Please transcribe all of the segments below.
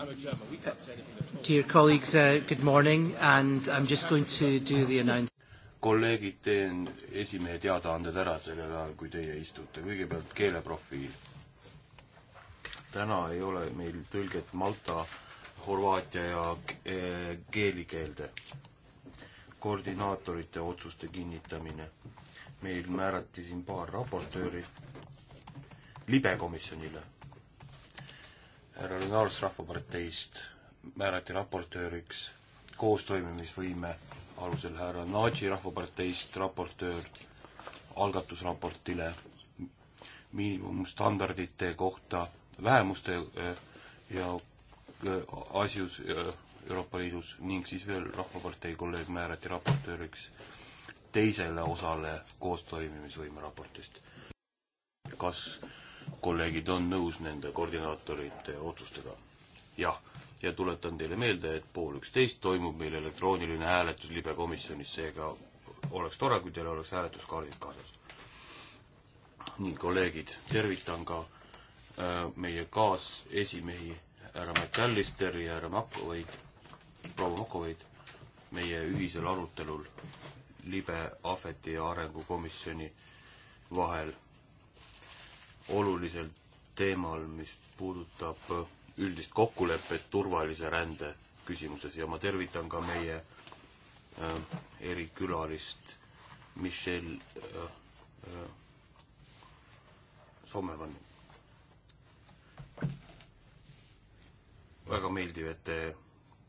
I'm a German. We can't say anything at all. Dear colleagues, uh, good morning and I'm just going to do the announcement. kolleegid, teen esimehe teadaanded ära sellel ajal, kui teie istute. kõigepealt keeleprofiil. täna ei ole meil tõlget malta, horvaatia ja e, keelikeelde. koordinaatorite otsuste kinnitamine. meil määrati siin paar raportööri libekomisjonile härra Lunaars Rahvaparteist määrati raportööriks koostoimimisvõime alusel härra Nadži Rahvaparteist raportöör algatusraportile miinimumstandardite kohta vähemuste eh, ja eh, asjus eh, Euroopa Liidus ning siis veel Rahvapartei kolleeg määrati raportööriks teisele osale koostoimimisvõime raportist. kas kolleegid on nõus nende koordinaatorite otsustega. jah, ja tuletan teile meelde, et pool üksteist toimub meil elektrooniline hääletus libekomisjonis, seega oleks tore, kui teil oleks hääletuskaardid kaasas. nii, kolleegid, tervitan ka äh, meie kaasesimehi härra McAllisteri ja härra Makovaid, proua Makovaid, meie ühisel arutelul libe, ahveti ja arengukomisjoni vahel olulisel teemal, mis puudutab üldist kokkulepet turvalise rände küsimuses ja ma tervitan ka meie äh, erikülalist Michelle äh, äh, Sommermanni. väga meeldiv, et te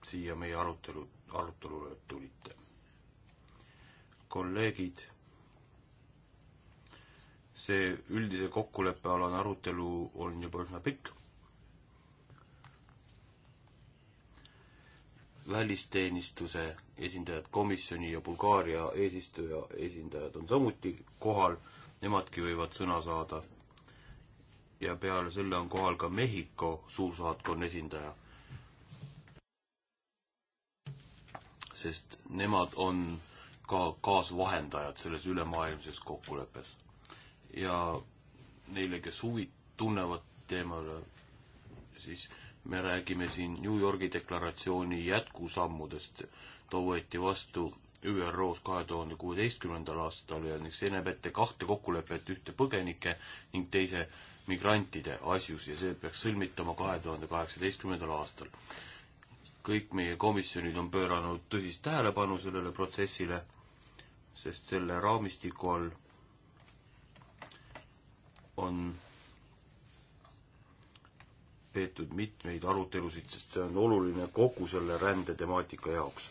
siia meie arutelu, arutelule tulite. kolleegid see üldise kokkuleppealane arutelu on juba üsna pikk. välisteenistuse esindajad, komisjoni ja Bulgaaria eesistuja esindajad on samuti kohal, nemadki võivad sõna saada. ja peale selle on kohal ka Mehhiko suursaatkonna esindaja. sest nemad on ka kaasvahendajad selles ülemaailmses kokkuleppes ja neile, kes huvi tunnevad teemale, siis me räägime siin New Yorgi deklaratsiooni jätkusammudest. too võeti vastu ÜRO-s kahe tuhande kuueteistkümnendal aastal ja see näeb ette kahte kokkulepet, ühte põgenike ning teise migrantide asjus ja see peaks sõlmitama kahe tuhande kaheksateistkümnendal aastal. kõik meie komisjonid on pööranud tõsist tähelepanu sellele protsessile, sest selle raamistiku all on peetud mitmeid arutelusid, sest see on oluline kogu selle rändetemaatika jaoks.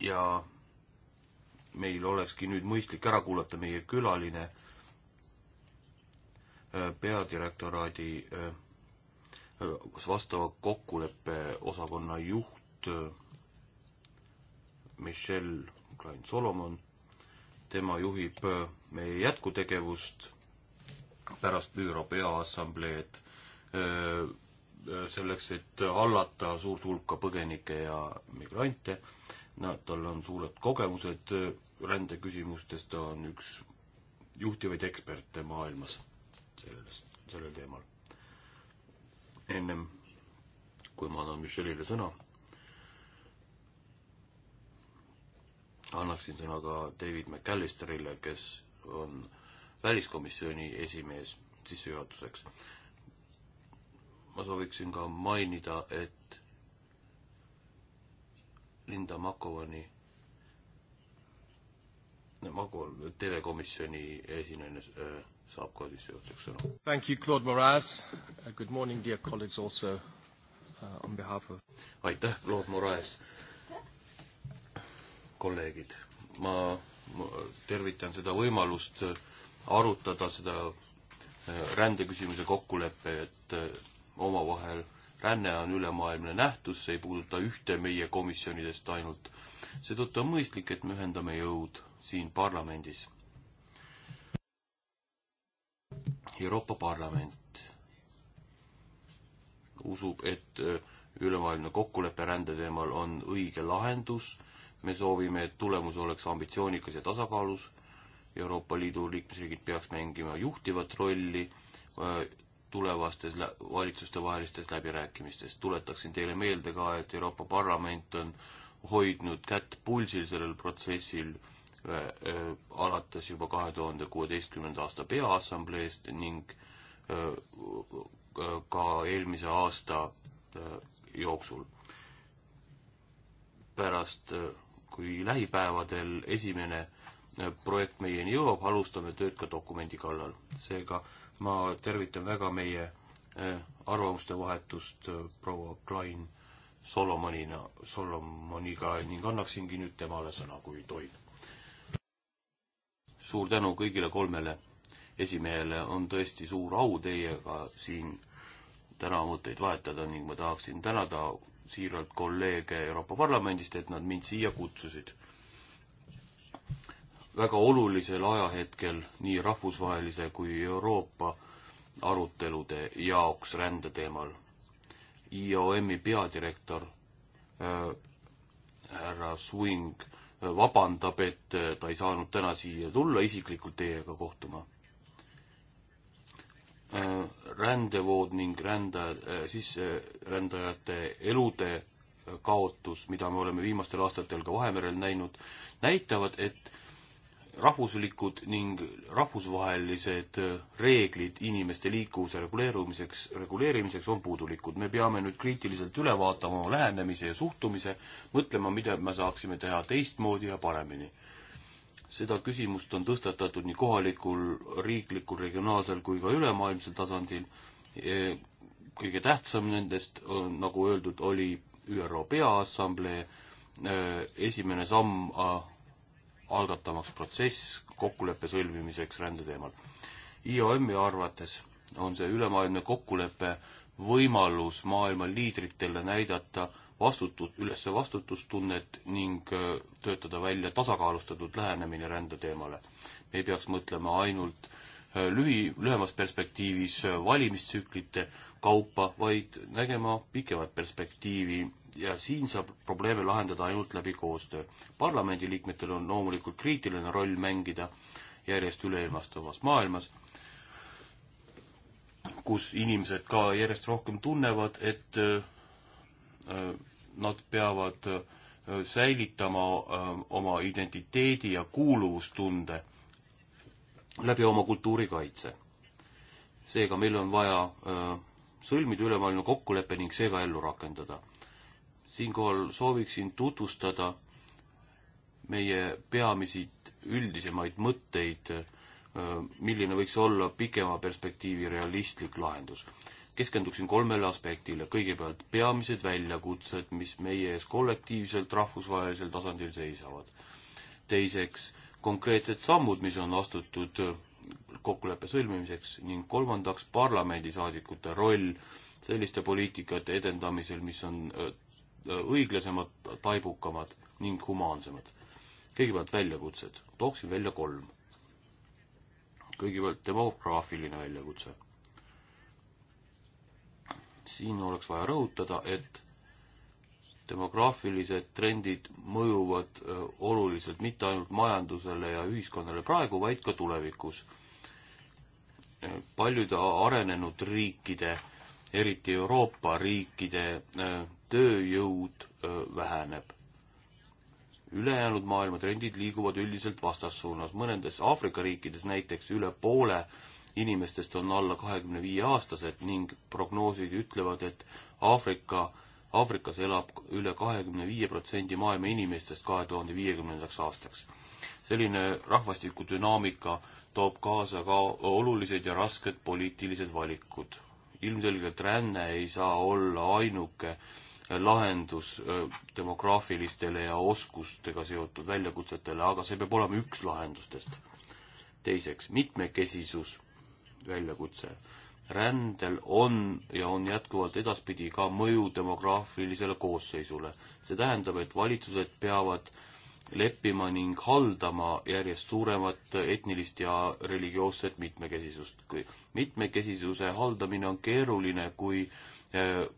ja meil olekski nüüd mõistlik ära kuulata meie külaline, äh, peadirektoraadi äh, vastava kokkuleppe osakonna juht äh, Michelle Klein-Solomon tema juhib äh, meie jätkutegevust pärast ÜRO Peaassambleed äh, äh, selleks, et hallata suurt hulka põgenikke ja migrante. Nad, tal on suured kogemused rändeküsimustes, ta on üks juhtivaid eksperte maailmas selles, sellel teemal. ennem kui ma annan Michelile sõna annaksin sõna ka David McAllisterile, kes on väliskomisjoni esimees sissejuhatuseks. ma sooviksin ka mainida, et Linda Makovani, Makov, telekomisjoni esinaine äh, saab ka sissejuhatuseks sõna. Thank you, Claude Moraz. Uh, good morning, dear colleagues also uh, on behalf of aitäh, Claude Moraz uh, kolleegid, ma tervitan seda võimalust äh, arutada seda äh, rändeküsimuse kokkulepet äh, omavahel. ränne on ülemaailmne nähtus, see ei puuduta ühte meie komisjonidest ainult. seetõttu on mõistlik, et me ühendame jõud siin parlamendis. Euroopa Parlament usub, et ülemaailmne kokkulepe rände teemal on õige lahendus me soovime, et tulemus oleks ambitsioonikas ja tasakaalus, Euroopa Liidu liikmesriigid peaks mängima juhtivat rolli äh, tulevastes lä-, valitsustevahelistes läbirääkimistes. tuletaksin teile meelde ka, et Euroopa Parlament on hoidnud kätt pulsil sellel protsessil äh, äh, alates juba kahe tuhande kuueteistkümnenda aasta peaassambleest ning äh, äh ka eelmise aasta äh, jooksul. pärast äh, kui lähipäevadel esimene äh, projekt meieni jõuab, alustame tööd ka dokumendi kallal. seega ma tervitan väga meie äh, arvamuste vahetust äh, proua Klein Solomonina, Solomoniga ning annaksingi nüüd temale sõna, kui tohib. suur tänu kõigile kolmele esimehele, on tõesti suur au teiega siin täna mõtteid vahetada ning ma tahaksin tänada siiralt kolleege Euroopa Parlamendist, et nad mind siia kutsusid. väga olulisel ajahetkel nii rahvusvahelise kui Euroopa arutelude jaoks rände teemal. IOM-i peadirektor äh, härra Swing äh, vabandab, et äh, ta ei saanud täna siia tulla isiklikult teiega kohtuma Äh, rändevood ning rändajad, äh, sisserändajate elude äh, kaotus, mida me oleme viimastel aastatel ka Vahemerel näinud, näitavad, et rahvuslikud ning rahvusvahelised reeglid inimeste liikuvuse reguleerumiseks, reguleerimiseks on puudulikud. me peame nüüd kriitiliselt üle vaatama oma lähenemise ja suhtumise, mõtlema, mida me saaksime teha teistmoodi ja paremini seda küsimust on tõstatatud nii kohalikul, riiklikul, regionaalsel kui ka ülemaailmsel tasandil. E, kõige tähtsam nendest, nagu öeldud, oli ÜRO Peaassamblee e, esimene samm algatamaks protsess kokkuleppe sõlmimiseks rändeteemal. IOM-i arvates on see ülemaailmne kokkulepe võimalus maailma liidritele näidata, vastutus, üles vastutustunnet ning äh, töötada välja tasakaalustatud lähenemine rändeteemale. me ei peaks mõtlema ainult äh, lühi, lühemas perspektiivis äh, valimistsüklite kaupa, vaid nägema pikemat perspektiivi ja siin saab probleeme lahendada ainult läbi koostöö. parlamendiliikmetel on loomulikult kriitiline roll mängida järjest üleilmastuvas maailmas, kus inimesed ka järjest rohkem tunnevad, et Äh, nad peavad äh, säilitama äh, oma identiteedi ja kuuluvustunde läbi oma kultuuri kaitse. seega meil on vaja sõlmida ülemaailmne kokkulepe ning see ka ellu rakendada. siinkohal sooviksin tutvustada meie peamisi üldisemaid mõtteid milline võiks olla pikema perspektiivi realistlik lahendus keskenduksin kolmele aspektile. kõigepealt peamised väljakutsed, mis meie ees kollektiivselt rahvusvahelisel tasandil seisavad. teiseks, konkreetsed sammud, mis on astutud kokkuleppe sõlmimiseks ning kolmandaks, parlamendisaadikute roll selliste poliitikate edendamisel, mis on õiglasemad, taibukamad ning humaansemad. kõigepealt väljakutsed, tooksin välja kolm. kõigepealt demograafiline väljakutse siin oleks vaja rõhutada, et demograafilised trendid mõjuvad äh, oluliselt mitte ainult majandusele ja ühiskonnale praegu, vaid ka tulevikus. Äh, paljude arenenud riikide, eriti Euroopa riikide äh, tööjõud väheneb. ülejäänud maailma trendid liiguvad üldiselt vastassuunas, mõnedes Aafrika riikides näiteks üle poole äh, inimestest on alla kahekümne viie aastased ning prognoosid ütlevad, et Aafrika, Aafrikas elab üle kahekümne viie protsendi maailma inimestest kahe tuhande viiekümnendaks aastaks. selline rahvastikudünaamika toob kaasa ka olulised ja rasked poliitilised valikud. ilmselgelt ränne ei saa olla ainuke lahendus äh, demograafilistele ja oskustega seotud väljakutsetele, aga see peab olema üks lahendustest. teiseks, mitmekesisus väljakutse. rändel on ja on jätkuvalt edaspidi ka mõju demograafilisele koosseisule. see tähendab, et valitsused peavad leppima ning haldama järjest suuremat etnilist ja religioosset mitmekesisust. kui mitmekesisuse haldamine on keeruline, kui eh, eh,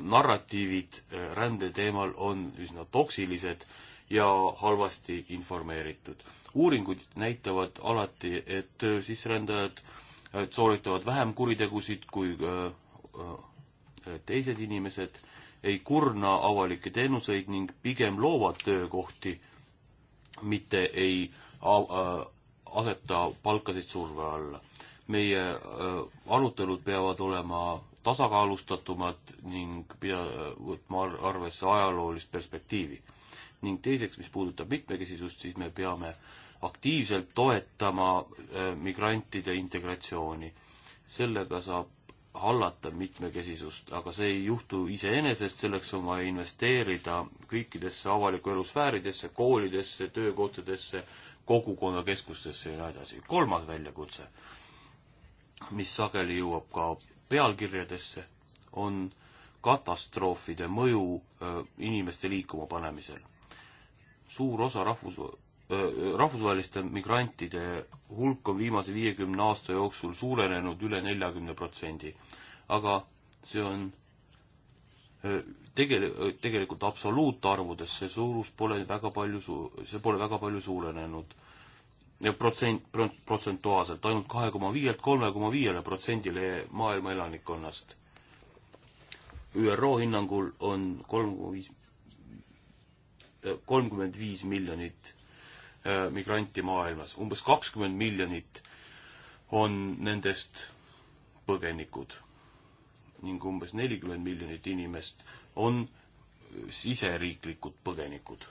narratiivid eh, rände teemal on üsna toksilised ja halvasti informeeritud. uuringud näitavad alati, et sisserändajad sooritavad vähem kuritegusid kui äh, äh, teised inimesed, ei kurna avalikke teenuseid ning pigem loovad töökohti, mitte ei äh, aseta palkasid surve alla. meie arutelud peavad olema tasakaalustatumad ning pida-, võtma arvesse ajaloolist perspektiivi. ning teiseks, mis puudutab mitmekesisust, siis me peame äh, aktiivselt toetama äh, migrantide integratsiooni. sellega saab hallata mitmekesisust, aga see ei juhtu iseenesest, selleks on vaja investeerida kõikidesse avaliku elu sfääridesse, koolidesse, töökohtadesse, kogukonnakeskustesse ja nii edasi. kolmas väljakutse, mis sageli jõuab ka pealkirjadesse, on katastroofide mõju äh, inimeste liikuma panemisel. suur osa rahvus, Äh, rahvusvaheliste migrantide hulk on viimase viiekümne aasta jooksul suurenenud üle neljakümne protsendi. aga see on äh, tegel-, äh, tegelikult absoluutarvudes see suurus pole väga palju su-, see pole väga palju suurenenud. protsent, protsentuaalselt ainult kahe koma viielt kolme koma viiele protsendile maailma elanikkonnast. ÜRO hinnangul on kolm koma viis, kolmkümmend viis miljonit Äh, migranti maailmas. umbes kakskümmend miljonit on nendest põgenikud ning umbes nelikümmend miljonit inimest on siseriiklikud põgenikud.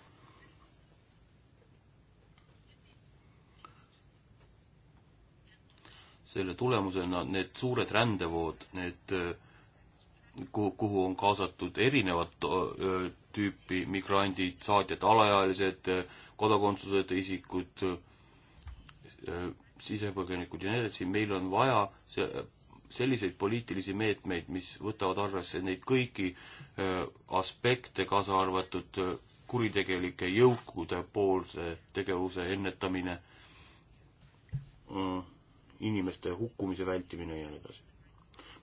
selle tulemusena need suured rändevood, need, äh, kuhu, kuhu on kaasatud erinevad äh, tüüpi migrandid, saatjad, alaealised, kodakondsuseta isikud, sisepõgenikud ja nii edasi, meil on vaja see, selliseid poliitilisi meetmeid, mis võtavad arvesse neid kõiki aspekte, kaasa arvatud kuritegelike jõukude poolse tegevuse ennetamine, inimeste hukkumise vältimine ja nii edasi.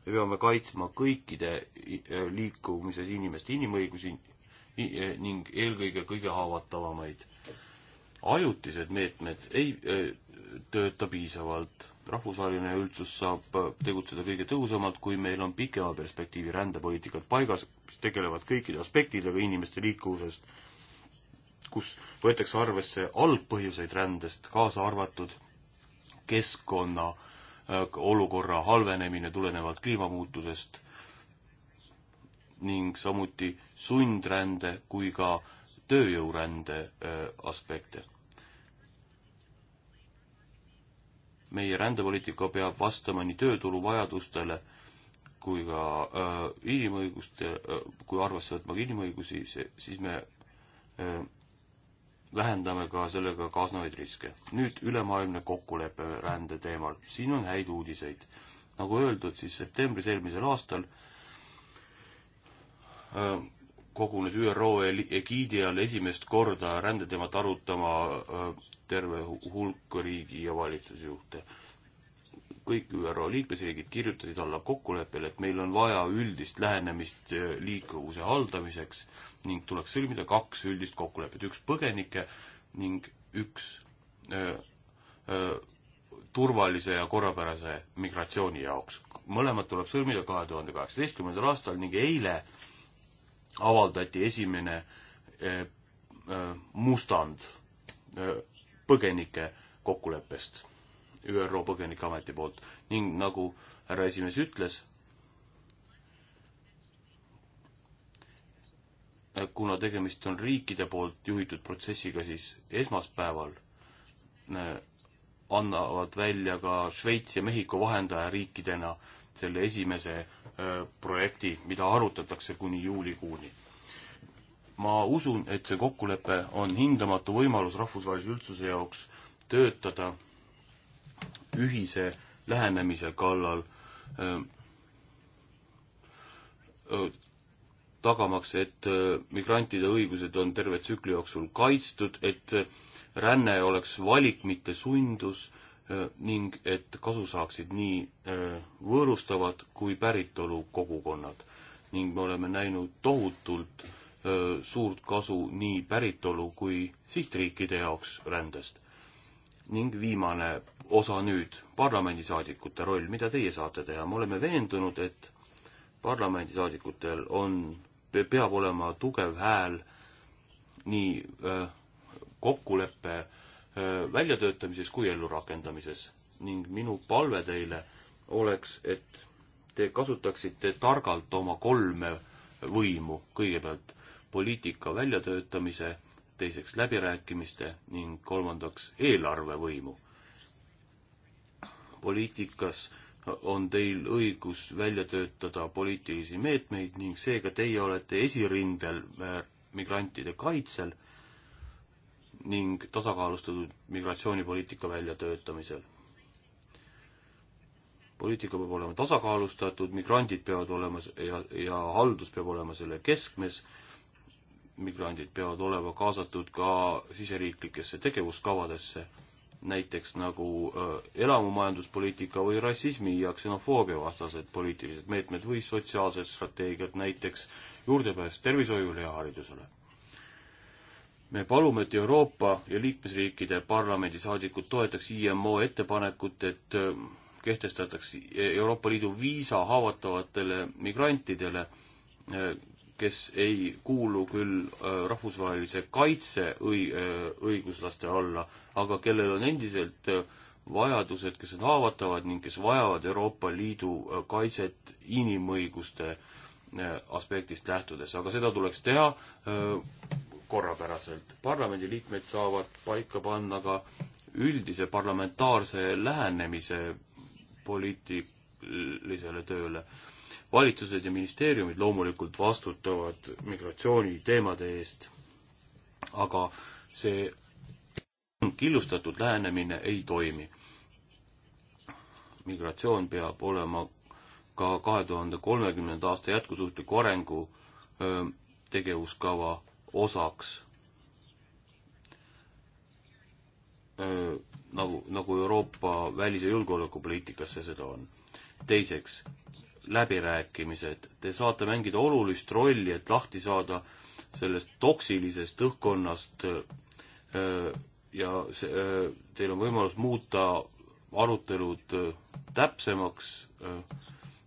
me peame kaitsma kõikide liikumises inimeste inimõigusi E, ning eelkõige kõige haavatavamaid. ajutised meetmed ei e, tööta piisavalt. rahvusvaheline üldsus saab tegutseda kõige tõhusamalt, kui meil on pikema perspektiivi rändepoliitikad paigas, mis tegelevad kõikide aspektidega inimeste liikuvusest, kus võetakse arvesse algpõhjuseid rändest, kaasa arvatud keskkonna e, olukorra halvenemine tulenevalt kliimamuutusest ning samuti sundrände kui ka tööjõurände aspekte. meie rändepoliitika peab vastama nii tööturu vajadustele kui ka äh, inimõiguste äh,, kui arvesse võtma inimõigusi, siis me äh, vähendame ka sellega kaasnevaid riske. nüüd ülemaailmne kokkulepe rände teemal. siin on häid uudiseid. nagu öeldud, siis septembris eelmisel aastal äh, Äh, kogunes ÜRO egiidi all esimest korda rändeteemat arutama äh, terve hulk riigi ja valitsusjuhte. kõik ÜRO liikmesriigid kirjutasid alla kokkuleppele, et meil on vaja üldist lähenemist äh, liikuvuse haldamiseks ning tuleks sõlmida kaks üldist kokkulepet, üks põgenike ning üks öö, öö, turvalise ja korrapärase migratsiooni jaoks. mõlemad tuleb sõlmida kahe tuhande kaheksateistkümnendal aastal ning eile öö, avaldati esimene eh, eh, mustand eh, põgenike kokkuleppest ÜRO Põgenikeameti poolt ning nagu härra esimees ütles, kuna tegemist on riikide poolt juhitud protsessiga, siis esmaspäeval annavad välja ka Šveits ja Mehhiko vahendajariikidena selle esimese Äh, projekti, mida arutatakse kuni juulikuuni. ma usun, et see kokkulepe on hindamatu võimalus rahvusvahelise üldsuse jaoks töötada ühise lähenemise kallal, äh, äh, tagamaks, et migrantide õigused on terve tsükli jooksul kaitstud, et ränne oleks valik, mitte sundus ning et kasu saaksid nii võõrustavad kui päritolu kogukonnad ning me oleme näinud tohutult suurt kasu nii päritolu kui sihtriikide jaoks rändest. ning viimane osa nüüd, parlamendisaadikute roll, mida teie saate teha, me oleme veendunud, et parlamendisaadikutel on, peab olema tugev hääl nii kokkuleppe äh, väljatöötamises kui ellurakendamises ning minu palve teile oleks, et te kasutaksite targalt oma kolme võimu, kõigepealt poliitika väljatöötamise, teiseks läbirääkimiste ning kolmandaks eelarvevõimu. poliitikas on teil õigus välja töötada poliitilisi meetmeid ning seega teie olete esirindel äh, migrantide kaitsel ning tasakaalustatud migratsioonipoliitika väljatöötamisel. poliitika peab olema tasakaalustatud, migrandid peavad olema ja, ja haldus peab olema selle keskmes, migrandid peavad olema kaasatud ka siseriiklikesse tegevuskavadesse, näiteks nagu äh, elamumajanduspoliitika või rassismi ja ksenofoobia vastased poliitilised meetmed või sotsiaalsed strateegiad, näiteks juurdepääs tervishoiule ja haridusele me palume, et Euroopa ja liikmesriikide parlamendisaadikud toetaks IMO ettepanekut, et äh, kehtestataks e-, Euroopa Liidu viisa haavatavatele migrantidele, äh, kes ei kuulu küll äh, rahvusvahelise kaitse õi-, õiguslaste alla, aga kellel on endiselt vajadused, kes on haavatavad ning kes vajavad Euroopa Liidu kaitset inimõiguste aspektist lähtudes, aga seda tuleks teha korrapäraselt. parlamendiliikmed saavad paika panna ka üldise parlamentaarse lähenemise poliitilisele tööle. valitsused ja ministeeriumid loomulikult vastutavad migratsiooniteemade eest, aga see killustatud lähenemine ei toimi. migratsioon peab olema ka kahe tuhande kolmekümnenda aasta jätkusuutliku arengu tegevuskava osaks öö, nagu, nagu Euroopa välis- ja julgeolekupoliitikas see seda on. teiseks, läbirääkimised. Te saate mängida olulist rolli, et lahti saada sellest toksilisest õhkkonnast öö, ja see, öö, teil on võimalus muuta arutelud täpsemaks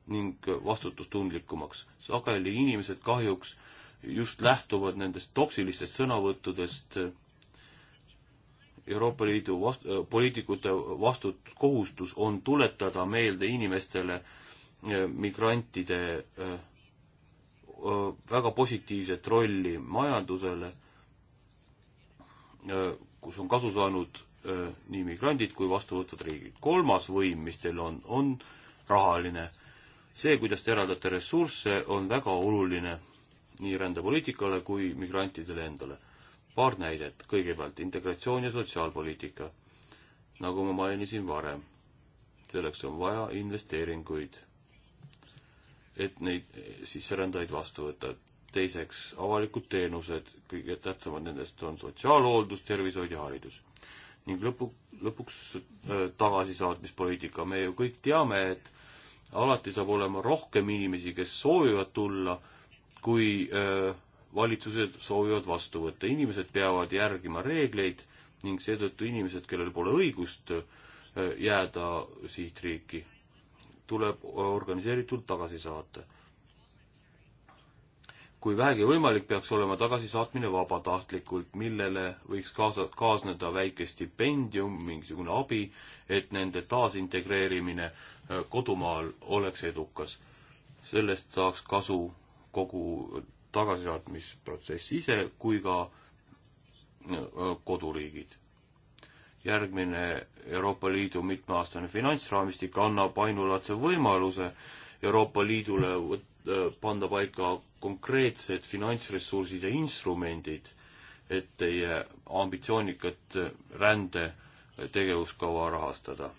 ning vastutustundlikumaks. sageli inimesed kahjuks just lähtuvad nendest toksilistest sõnavõttudest äh, Euroopa Liidu vast-, äh, poliitikute vastut-, kohustus on tuletada meelde inimestele äh, migrantide väga positiivset rolli majandusele, kus on kasu saanud nii migrandid kui vastuvõtvad riigid. kolmas võim, mis teil on, on rahaline. see, kuidas te eraldate ressursse, on väga oluline nii rändepoliitikale kui migrantidele endale. paar näidet, kõigepealt integratsioon ja sotsiaalpoliitika. nagu ma mainisin varem, selleks on vaja investeeringuid, et neid sisserändajaid vastu võtta. teiseks, avalikud teenused, kõige tähtsamad nendest on sotsiaalhooldus, tervishoid ja haridus ning lõpu, lõpuks äh, tagasisaatmispoliitika, me ju kõik teame, et alati saab olema rohkem inimesi, kes soovivad tulla kui äh, valitsused soovivad vastu võtta. inimesed peavad järgima reegleid ning seetõttu inimesed, kellel pole õigust äh, jääda sihtriiki, tuleb organiseeritult tagasi saata. kui vähegi võimalik, peaks olema tagasisaatmine vabatahtlikult, millele võiks kaasa, kaasneda väike stipendium, mingisugune abi, et nende taasintegreerimine äh, kodumaal oleks edukas. sellest saaks kasu kogu tagasisaatmisprotsess ise kui ka äh, koduriigid. järgmine Euroopa Liidu mitmeaastane finantsraamistik annab ainulaadse võimaluse Euroopa Liidule äh, panda paika konkreetsed finantsressursid ja instrumendid, et teie ambitsioonikat äh, rände tegevuskava rahastada.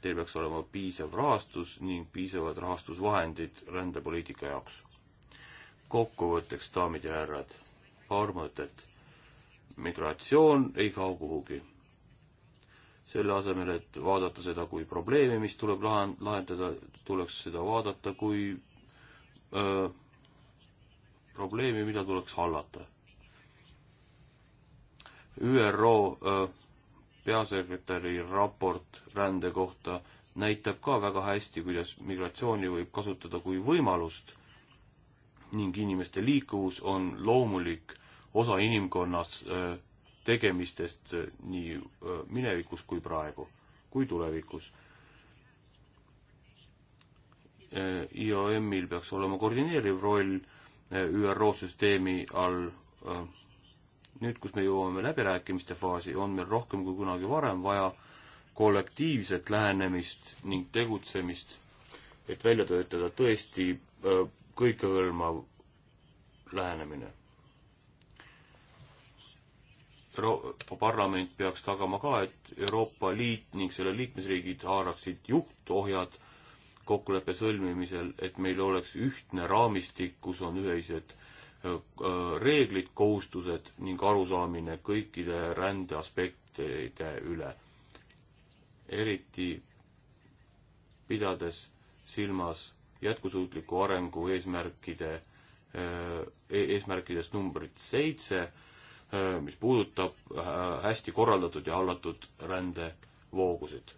Teil peaks olema piisav rahastus ning piisavad rahastusvahendid rändepoliitika jaoks kokkuvõtteks, daamid ja härrad, paar mõtet. migratsioon ei kao kuhugi. selle asemel, et vaadata seda kui probleemi, mis tuleb lahen-, lahendada, tuleks seda vaadata kui öö, probleemi, mida tuleks hallata. ÜRO öö, peasekretäri raport rände kohta näitab ka väga hästi, kuidas migratsiooni võib kasutada kui võimalust ning inimeste liikuvus on loomulik osa inimkonnas äh, tegemistest äh, nii äh, minevikus kui praegu, kui tulevikus. IOM-il peaks olema koordineeriv roll ÜRO süsteemi all. nüüd, kus me jõuame läbirääkimiste faasi, on meil rohkem kui kunagi varem vaja kollektiivset lähenemist ning tegutsemist, et välja töötada tõesti kõikehõlmav lähenemine. Euroopa Parlament peaks tagama ka, et Euroopa Liit ning selle liikmesriigid haaraksid juhtohjad kokkuleppe sõlmimisel, et meil oleks ühtne raamistik, kus on ühised reeglid, kohustused ning arusaamine kõikide rändeaspektide üle. eriti pidades silmas jätkusuutliku arengu eesmärkide, eh, e-, eesmärkidest numbrit seitse, eh, mis puudutab eh, hästi korraldatud ja hallatud rändevoogusid.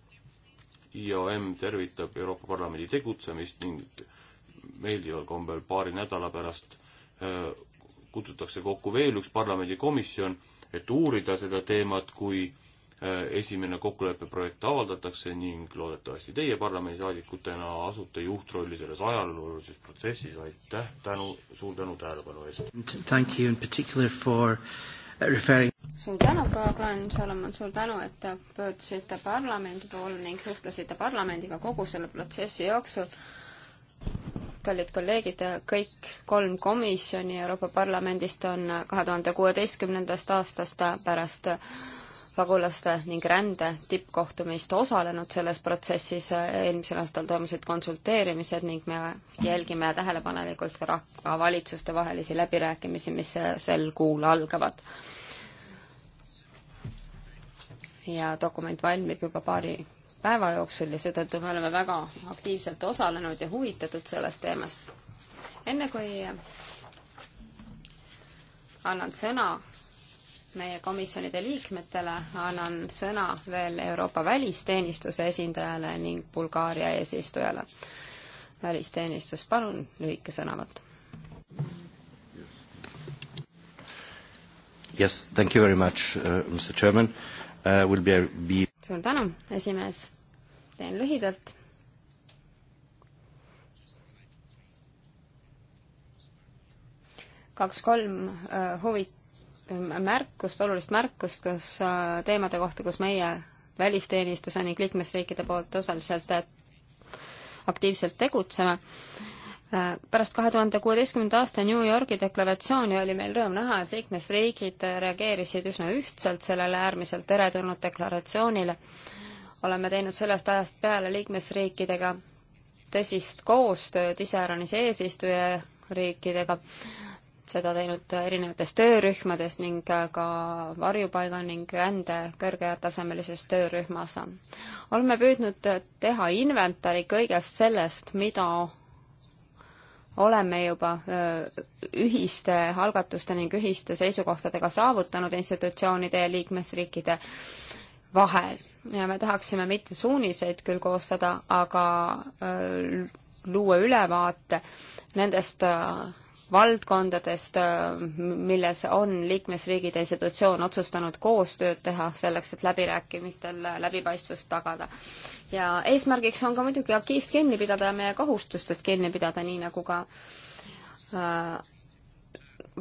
IOM tervitab Euroopa Parlamendi tegutsemist ning meeldival kombel paari nädala pärast kutsutakse kokku veel üks parlamendikomisjon, et uurida seda teemat, kui Äh, esimene kokkuleppeprojekt avaldatakse ning loodetavasti teie parlamendisaadikutena asute juhtrolli selles ajaloolises protsessis, aitäh, tänu, suur tänu tähelepanu eest! Thank you in particular for uh, referring suur tänu, proua Klaan-Solomon, suur tänu, et te pöördusite parlamendi poole ning suhtlesite parlamendiga kogu selle protsessi jooksul kallid kolleegid, kõik kolm komisjoni Euroopa Parlamendist on kahe tuhande kuueteistkümnendast aastast pärast pagulaste ning rände tippkohtumist osalenud selles protsessis, eelmisel aastal toimusid konsulteerimised ning me jälgime tähelepanelikult ka rahvavalitsuste vahelisi läbirääkimisi, mis sel kuul algavad. ja dokument valmib juba paari päeva jooksul ja seetõttu me oleme väga aktiivselt osalenud ja huvitatud sellest teemast. enne kui annan sõna meie komisjonide liikmetele, annan sõna veel Euroopa välisteenistuse esindajale ning Bulgaaria eesistujale. välisteenistus, palun lühike sõnavõtt. Yes, thank you very much uh,, Mr Chairman uh,. Will be, be suur tänu, esimees. teen lühidalt kaks-kolm uh, huvit-, märkust, olulist märkust, kus äh, teemade kohta, kus meie välisteenistuse ning liikmesriikide poolt osaliselt äh, aktiivselt tegutseme. Äh, pärast kahe tuhande kuueteistkümnenda aasta New Yorgi deklaratsiooni oli meil rõõm näha, et liikmesriigid reageerisid üsna ühtselt sellele äärmiselt teretulnud deklaratsioonile. oleme teinud sellest ajast peale liikmesriikidega tõsist koostööd iseäranis eesistuja riikidega seda teinud erinevates töörühmades ning ka varjupaiga ning rände kõrgetasemelises töörühmas. oleme püüdnud teha inventari kõigest sellest, mida oleme juba ühiste algatuste ning ühiste seisukohtadega saavutanud institutsioonide ja liikmesriikide vahel ja me tahaksime mitte suuniseid küll koostada, aga luua ülevaate nendest valdkondadest, milles on liikmesriigid ja institutsioon otsustanud koostööd teha selleks, et läbirääkimistel läbipaistvust tagada. ja eesmärgiks on ka muidugi AK-st kinni pidada ja meie kohustustest kinni pidada, nii nagu ka äh,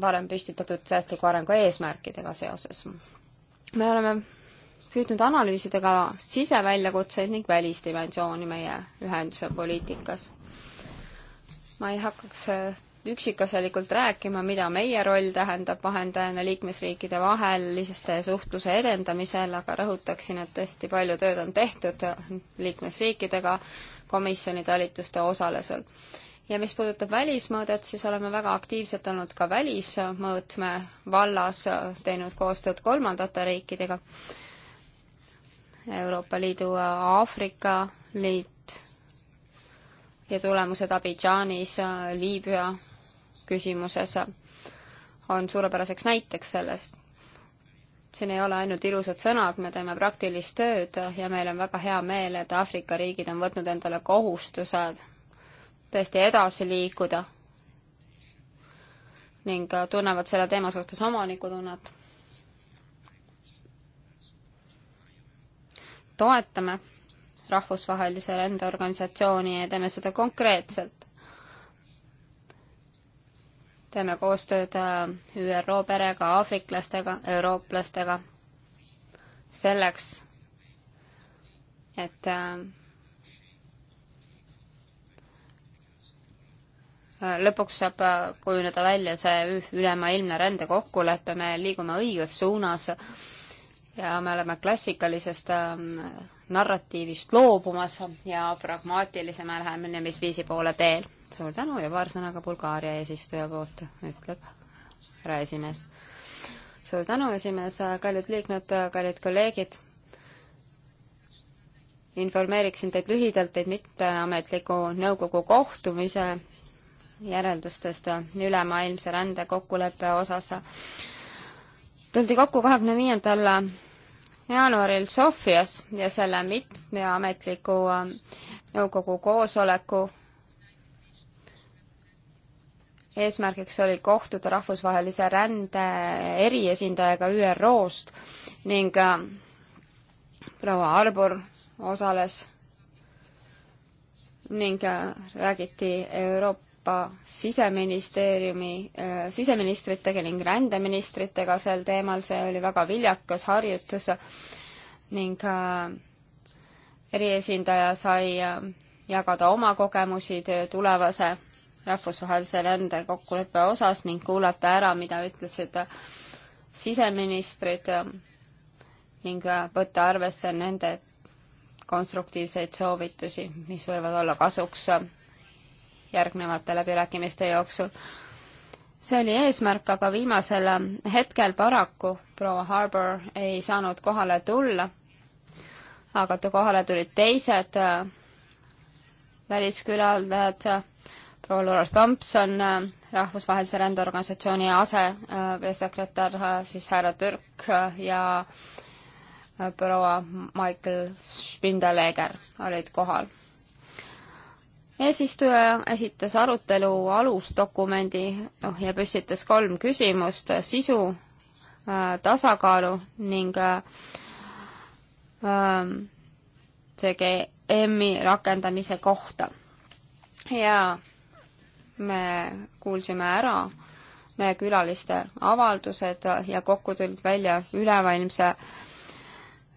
varem püstitatud säästliku arengu eesmärkidega seoses. me oleme püüdnud analüüsida ka siseväljakutseid ning välisdimensiooni meie ühenduse poliitikas. ma ei hakkaks äh, üksikasjalikult rääkima, mida meie roll tähendab vahendajana liikmesriikide vaheliste suhtluse edendamisel, aga rõhutaksin, et tõesti palju tööd on tehtud liikmesriikidega komisjoni talituste osalusel. ja mis puudutab välismõõdet, siis oleme väga aktiivselt olnud ka välismõõtme vallas, teinud koostööd kolmandate riikidega, Euroopa Liidu Aafrika Liit ja tulemused Abidžaanis, Liibüa küsimuses on suurepäraseks näiteks sellest. siin ei ole ainult ilusad sõnad, me teeme praktilist tööd ja meil on väga hea meel, et Aafrika riigid on võtnud endale kohustused tõesti edasi liikuda ning tunnevad selle teema suhtes omanikutunnet. toetame rahvusvahelise lendeorganisatsiooni ja teeme seda konkreetselt teeme koostööd äh, ÜRO perega, aafriklastega, eurooplastega selleks, et äh, lõpuks saab äh, kujuneda välja see ülemaailmne rändekokkulepe, me liigume õiges suunas ja me oleme klassikalisest narratiivist loobumas ja pragmaatilisema lähenemisviisi poole teel suur tänu ja paar sõna ka Bulgaaria eesistuja poolt, ütleb härra esimees. suur tänu, esimees, kallid liikmed, kallid kolleegid. informeeriksin teid lühidalt teid mitteametliku nõukogu kohtumise järeldustest ülemaailmse rände kokkuleppe osas. tuldi kokku kahekümne viiendal jaanuaril Sofias ja selle mitmeametliku nõukogu koosoleku eesmärgiks oli kohtuda rahvusvahelise rände eriesindajaga ÜRO-st ning äh, proua Arbor osales ning äh, räägiti Euroopa siseministeeriumi äh, siseministritega ning rändeministritega sel teemal, see oli väga viljakas harjutus ning eriesindaja sai jagada oma kogemusi tulevase rahvusvahelise rändekokkuleppe osas ning kuulata ära, mida ütlesid siseministrid ning võtta arvesse nende konstruktiivseid soovitusi, mis võivad olla kasuks järgnevate läbirääkimiste jooksul. see oli eesmärk, aga viimasel hetkel paraku proua Harbour ei saanud kohale tulla, aga ta kohale tulid teised väliskülaldajad proua Thompson, Rahvusvahelise Rändeorganisatsiooni asepeasekretär, siis härra Türk ja proua Michael Spindeleger olid kohal. eesistuja esitas arutelu alusdokumendi noh, ja püstitas kolm küsimust, sisu, tasakaalu ning ähm, CGM-i rakendamise kohta. jaa me kuulsime ära meie külaliste avaldused ja kokku tulid välja ülevaimse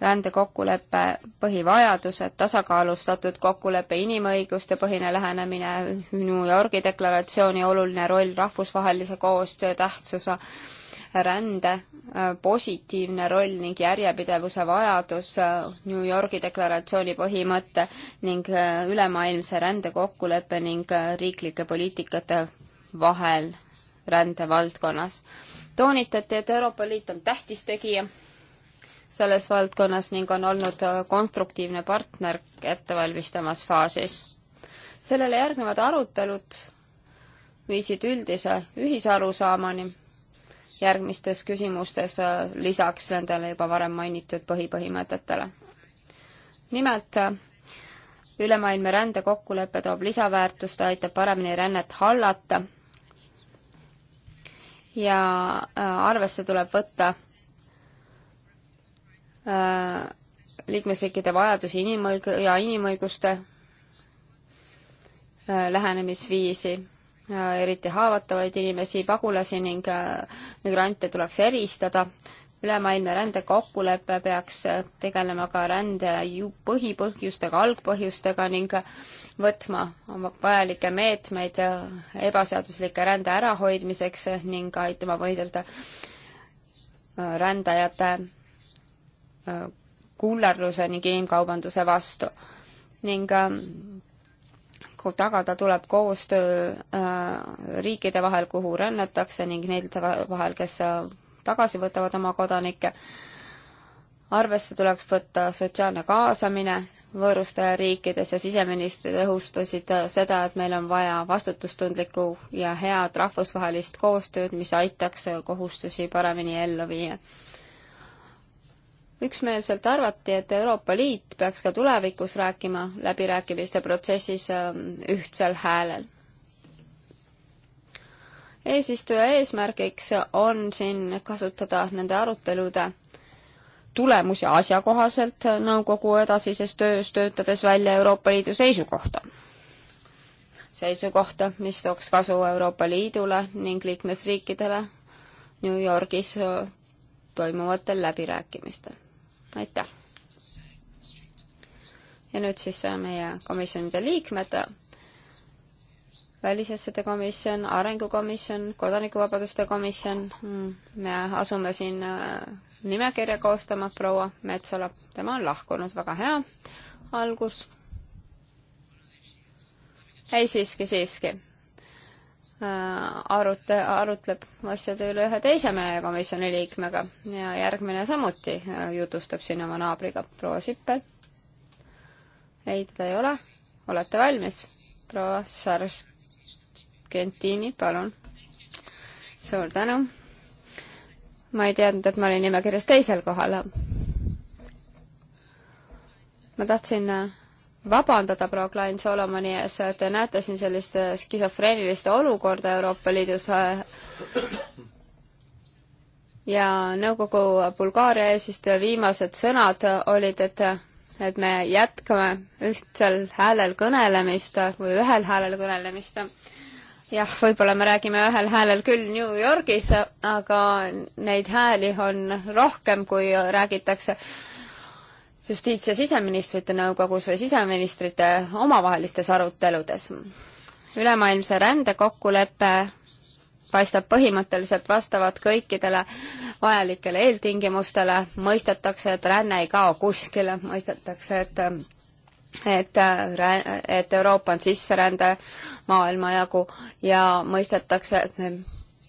rändekokkuleppe põhivajadused, tasakaalustatud kokkulepe, inimõiguste põhine lähenemine, New Yorgi deklaratsiooni oluline roll, rahvusvahelise koostöö tähtsuse rände äh, positiivne roll ning järjepidevuse vajadus, äh, New Yorgi deklaratsiooni põhimõte ning äh, ülemaailmse rändekokkulepe ning riiklike poliitikate vahel rändevaldkonnas. toonitati, et Euroopa Liit on tähtis tegija selles valdkonnas ning on olnud konstruktiivne partner ettevalmistamas faasis. sellele järgnevad arutelud viisid üldise ühisarusaamani järgmistes küsimustes äh, lisaks nendele juba varem mainitud põhipõhimõtetele. nimelt äh, ülemaailmne rändekokkulepe toob lisaväärtust, aitab paremini rännet hallata ja äh, arvesse tuleb võtta liikmesriikide vajadusi inimõig- ja inimõiguste lähenemisviisi eriti haavatavaid inimesi, pagulasi ning äh, migrante tuleks eristada. ülemaailmne rändekokkulepe peaks tegelema ka rände põhipõhjustega, algpõhjustega ning võtma vajalikke meetmeid äh, ebaseaduslike rände ärahoidmiseks ning aitama võidelda äh, rändajate kullerluse ning inimkaubanduse vastu ning tagada tuleb koostöö äh, riikide vahel, kuhu rännatakse ning nende vahel, kes äh, tagasi võtavad oma kodanikke. arvesse tuleks võtta sotsiaalne kaasamine võõrustajariikides ja siseministrid õhustasid äh, seda, et meil on vaja vastutustundlikku ja head rahvusvahelist koostööd, mis aitaks kohustusi paremini ellu viia üksmeelselt arvati, et Euroopa Liit peaks ka tulevikus rääkima läbirääkimiste protsessis ähm, ühtsel häälel. eesistuja eesmärgiks on siin kasutada nende arutelude tulemusi asjakohaselt nõukogu edasises töös, töötades välja Euroopa Liidu seisukohta. seisukohta, mis tooks kasu Euroopa Liidule ning liikmesriikidele New Yorgis äh, toimuvatel läbirääkimistel aitäh! ja nüüd siis äh, meie komisjonide liikmed, välisasjade komisjon, arengukomisjon, kodanikuvabaduste komisjon, mm, me asume siin äh, nimekirja koostama, proua Metsola, tema on lahkunud, väga hea algus. ei, siiski, siiski Äh, arut-, arutleb asjade üle ühe teise meie komisjoni liikmega ja järgmine samuti äh, jutustab siin oma naabriga. proua Sippel? ei, teda ei ole. olete valmis? proua Sargentini, palun. suur tänu. ma ei teadnud, et ma olin nimekirjas teisel kohal. ma tahtsin äh, vabandada proua Klein Solomoni ees, te näete siin sellist äh, skisofreenilist olukorda Euroopa Liidus äh, ja nõukogu Bulgaaria eesistuja viimased sõnad olid, et et me jätkame ühtsel häälel kõnelemist või ühel häälel kõnelemist. jah, võib-olla me räägime ühel häälel küll New Yorgis, aga neid hääli on rohkem, kui räägitakse justiits- ja siseministrite nõukogus või siseministrite omavahelistes aruteludes. ülemaailmse rändekokkulepe paistab põhimõtteliselt vastavat kõikidele vajalikele eeltingimustele, mõistetakse, et ränne ei kao kuskile, mõistetakse, et et, et Euroopa on sisserände maailmajagu ja mõistetakse, et me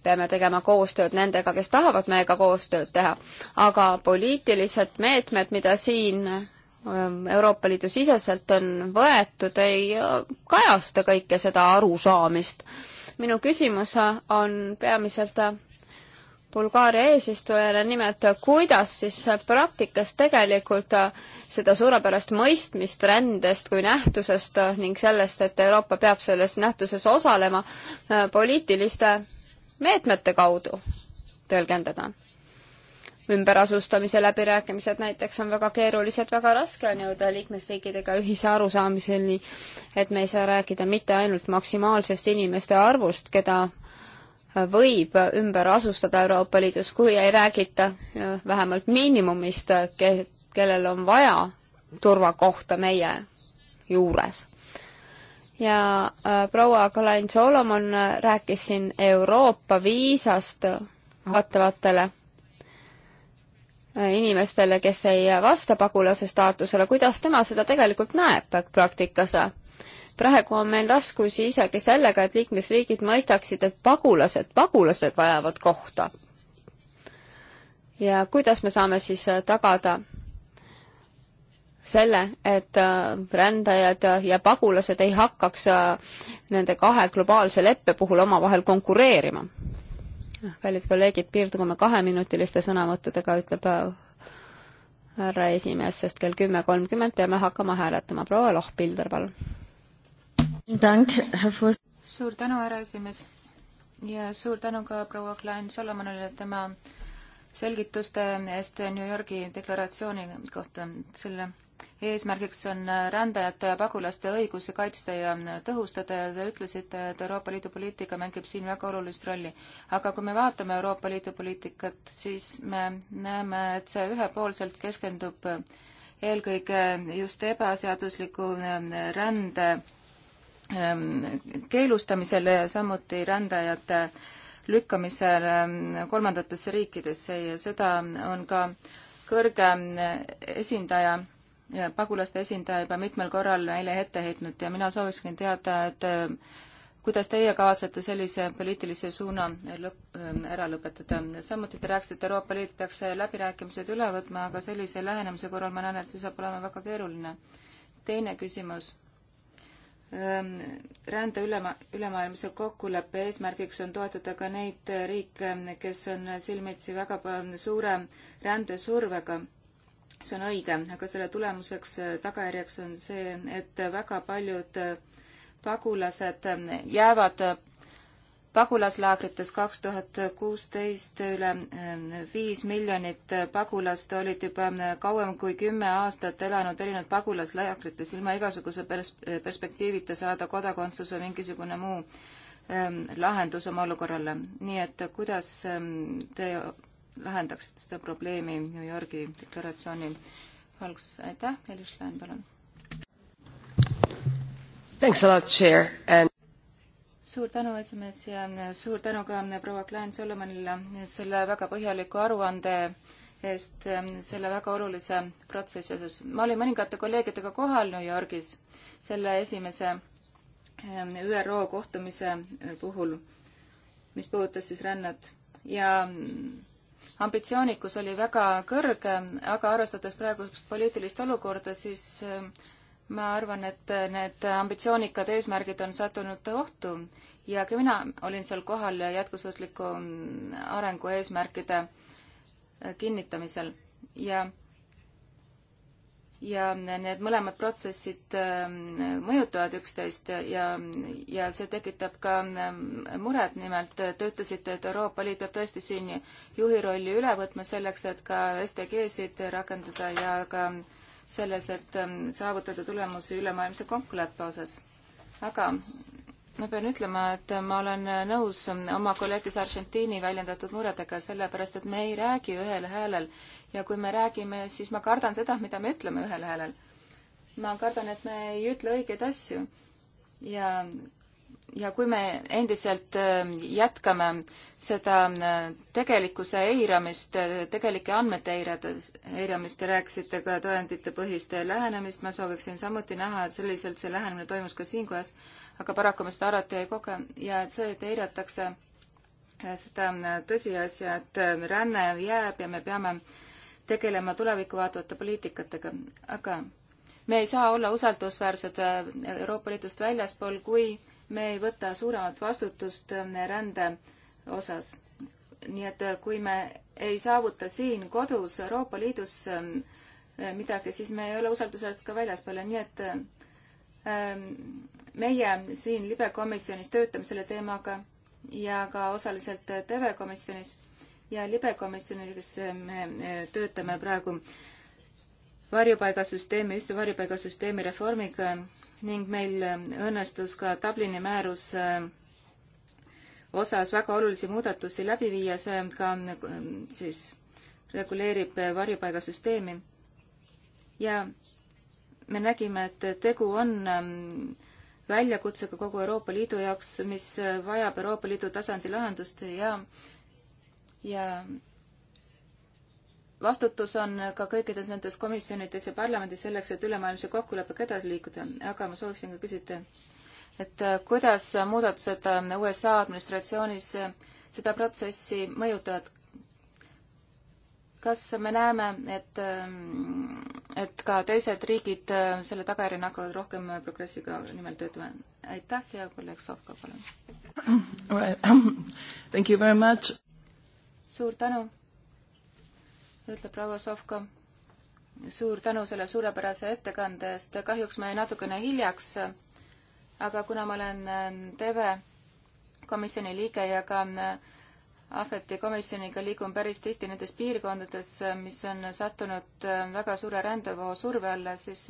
peame tegema koostööd nendega, kes tahavad meiega koostööd teha. aga poliitilised meetmed, mida siin ähm, Euroopa Liidu siseselt on võetud, ei äh, kajasta kõike seda arusaamist. minu küsimus on peamiselt äh, Bulgaaria eesistujale nimelt, äh, kuidas siis praktikas tegelikult seda suurepärast mõistmist rändest kui nähtusest ning sellest, et Euroopa peab selles nähtuses osalema, poliitiliste meetmete kaudu tõlgendada. ümberasustamise läbirääkimised näiteks on väga keerulised, väga raske on jõuda liikmesriikidega ühise arusaamiseni, et me ei saa rääkida mitte ainult maksimaalsest inimeste arvust, keda võib ümber asustada Euroopa Liidus, kui ei räägita vähemalt miinimumist, kellel on vaja turvakohta meie juures ja äh, proua Kalain Solomon äh, rääkis siin Euroopa viisast vaatavatele äh, inimestele, kes ei vasta pagulase staatusele, kuidas tema seda tegelikult näeb praktikas? praegu on meil raskusi isegi sellega, et liikmesriigid mõistaksid, et pagulased, pagulased vajavad kohta. ja kuidas me saame siis tagada selle, et äh, rändajad ja pagulased ei hakkaks äh, nende kahe globaalse leppe puhul omavahel konkureerima. kallid kolleegid, piirdume kaheminutiliste sõnavõttudega, ütleb äh, härra esimees, sest kell kümme kolmkümmend peame hakkama hääletama. proua Lohpilder, palun. suur tänu, härra esimees ja suur tänu ka proua Klein Solomonile tema selgituste eest New Yorgi deklaratsiooni kohta selle eesmärgiks on rändajate ja pagulaste õigusi kaitsta ja tõhustada ja te ütlesite, et Euroopa Liidu poliitika mängib siin väga olulist rolli. aga kui me vaatame Euroopa Liidu poliitikat, siis me näeme, et see ühepoolselt keskendub eelkõige just ebaseadusliku ähm, rände ähm, keelustamisele ja samuti rändajate lükkamisele ähm, kolmandatesse riikidesse ja seda on ka kõrge esindaja pagulaste esindaja juba mitmel korral meile ette heitnud ja mina sooviksin teada, et äh, kuidas teie kavatsete sellise poliitilise suuna lõp-, ähm, ära lõpetada. samuti te rääkisite, et Euroopa Liit peaks läbirääkimised üle võtma, aga sellise lähenemise korral ma näen, et see saab olema väga keeruline. teine küsimus ähm, rände ülema, ülemaailmse kokkuleppe eesmärgiks on toetada ka neid riike, kes on silmitsi väga äh, suure rändesurvega see on õige, aga selle tulemuseks, äh, tagajärjeks on see, et väga paljud äh, pagulased äh, jäävad pagulaslaagrites kaks tuhat kuusteist üle viis miljonit pagulast olid juba kauem kui kümme aastat elanud erinevad pagulaslaagrites ilma igasuguse pers-, perspektiivita saada kodakondsus või mingisugune muu ähm, lahendus oma olukorrale. nii et kuidas ähm, te lahendaksid seda probleemi New Yorgi deklaratsiooni valguses. aitäh, Elis Lään, palun. Thanks a lot, chair and suur tänu, esimees ja suur tänu ka proua Klein Solomonile selle väga põhjaliku aruande eest selle väga olulise protsessi osas. ma olin mõningate kolleegidega kohal New Yorgis selle esimese ehm, ÜRO kohtumise puhul, mis puudutas siis rännet ja ambitsioonikus oli väga kõrge, aga arvestades praegust poliitilist olukorda, siis äh, ma arvan, et need ambitsioonikad eesmärgid on sattunud ohtu ja ka mina olin seal kohal jätkusuutliku mm, arengu eesmärkide äh, kinnitamisel ja ja need mõlemad protsessid ähm, mõjutavad üksteist ja, ja see tekitab ka ähm, muret, nimelt äh, te ütlesite, et Euroopa Liit peab tõesti siin juhi rolli üle võtma selleks, et ka SDG-sid rakendada ja ka selles, et ähm, saavutada tulemusi ülemaailmse kokkuleppe osas. aga ma pean ütlema, et ma olen nõus oma kolleegi Sargentini väljendatud muredega, sellepärast et me ei räägi ühel häälel ja kui me räägime, siis ma kardan seda, mida me ütleme ühel häälel. ma kardan, et me ei ütle õigeid asju. ja, ja kui me endiselt ähm, jätkame seda äh, tegelikkuse eiramist, äh, tegelike andmete eirades, eiramist, te rääkisite ka tõenditepõhiste lähenemist, ma sooviksin samuti näha, et selliselt see lähenemine toimus ka siin kohas, aga paraku me seda alati ei koge ja et see, et eiratakse äh, seda tõsiasja, et ränne jääb ja me peame äh, tegelema tulevikku vaatavate poliitikatega, aga me ei saa olla usaldusväärsed äh, Euroopa Liidust väljaspool, kui me ei võta suuremat vastutust äh, rände osas. nii et äh, kui me ei saavuta siin kodus Euroopa Liidus midagi, siis me ei ole usaldusväärsed ka väljaspool ja nii et ähm, meie siin libekomisjonis töötame selle teemaga ja ka osaliselt TV-komisjonis ja libekomisjonis me töötame praegu varjupaigasüsteemi, ühtse varjupaigasüsteemi reformiga ning meil õnnestus ka Dublini määruse äh, osas väga olulisi muudatusi läbi viia, see ka siis reguleerib varjupaigasüsteemi. ja me nägime, et tegu on äh, väljakutsega kogu Euroopa Liidu jaoks, mis äh, vajab Euroopa Liidu tasandi lahendust ja ja vastutus on ka kõikides nendes komisjonides ja parlamendis selleks, et ülemaailmse kokkuleppega edasi liikuda, aga ma sooviksin ka küsida, et kuidas muudatused USA administratsioonis seda protsessi mõjutavad? kas me näeme, et, et ka teised riigid selle tagajärjena hakkavad rohkem progressiga nimel töötama? aitäh, hea kolleeg Sovka, palun! Thank you very much! suur tänu, ütleb proua Sovko. suur tänu selle suurepärase ettekande eest, kahjuks ma jäin natukene hiljaks, aga kuna ma olen ähm, TV komisjoni liige ja ka ähm, Ahveti komisjoniga liigun päris tihti nendes piirkondades, mis on sattunud ähm, väga suure rändevoo surve alla, siis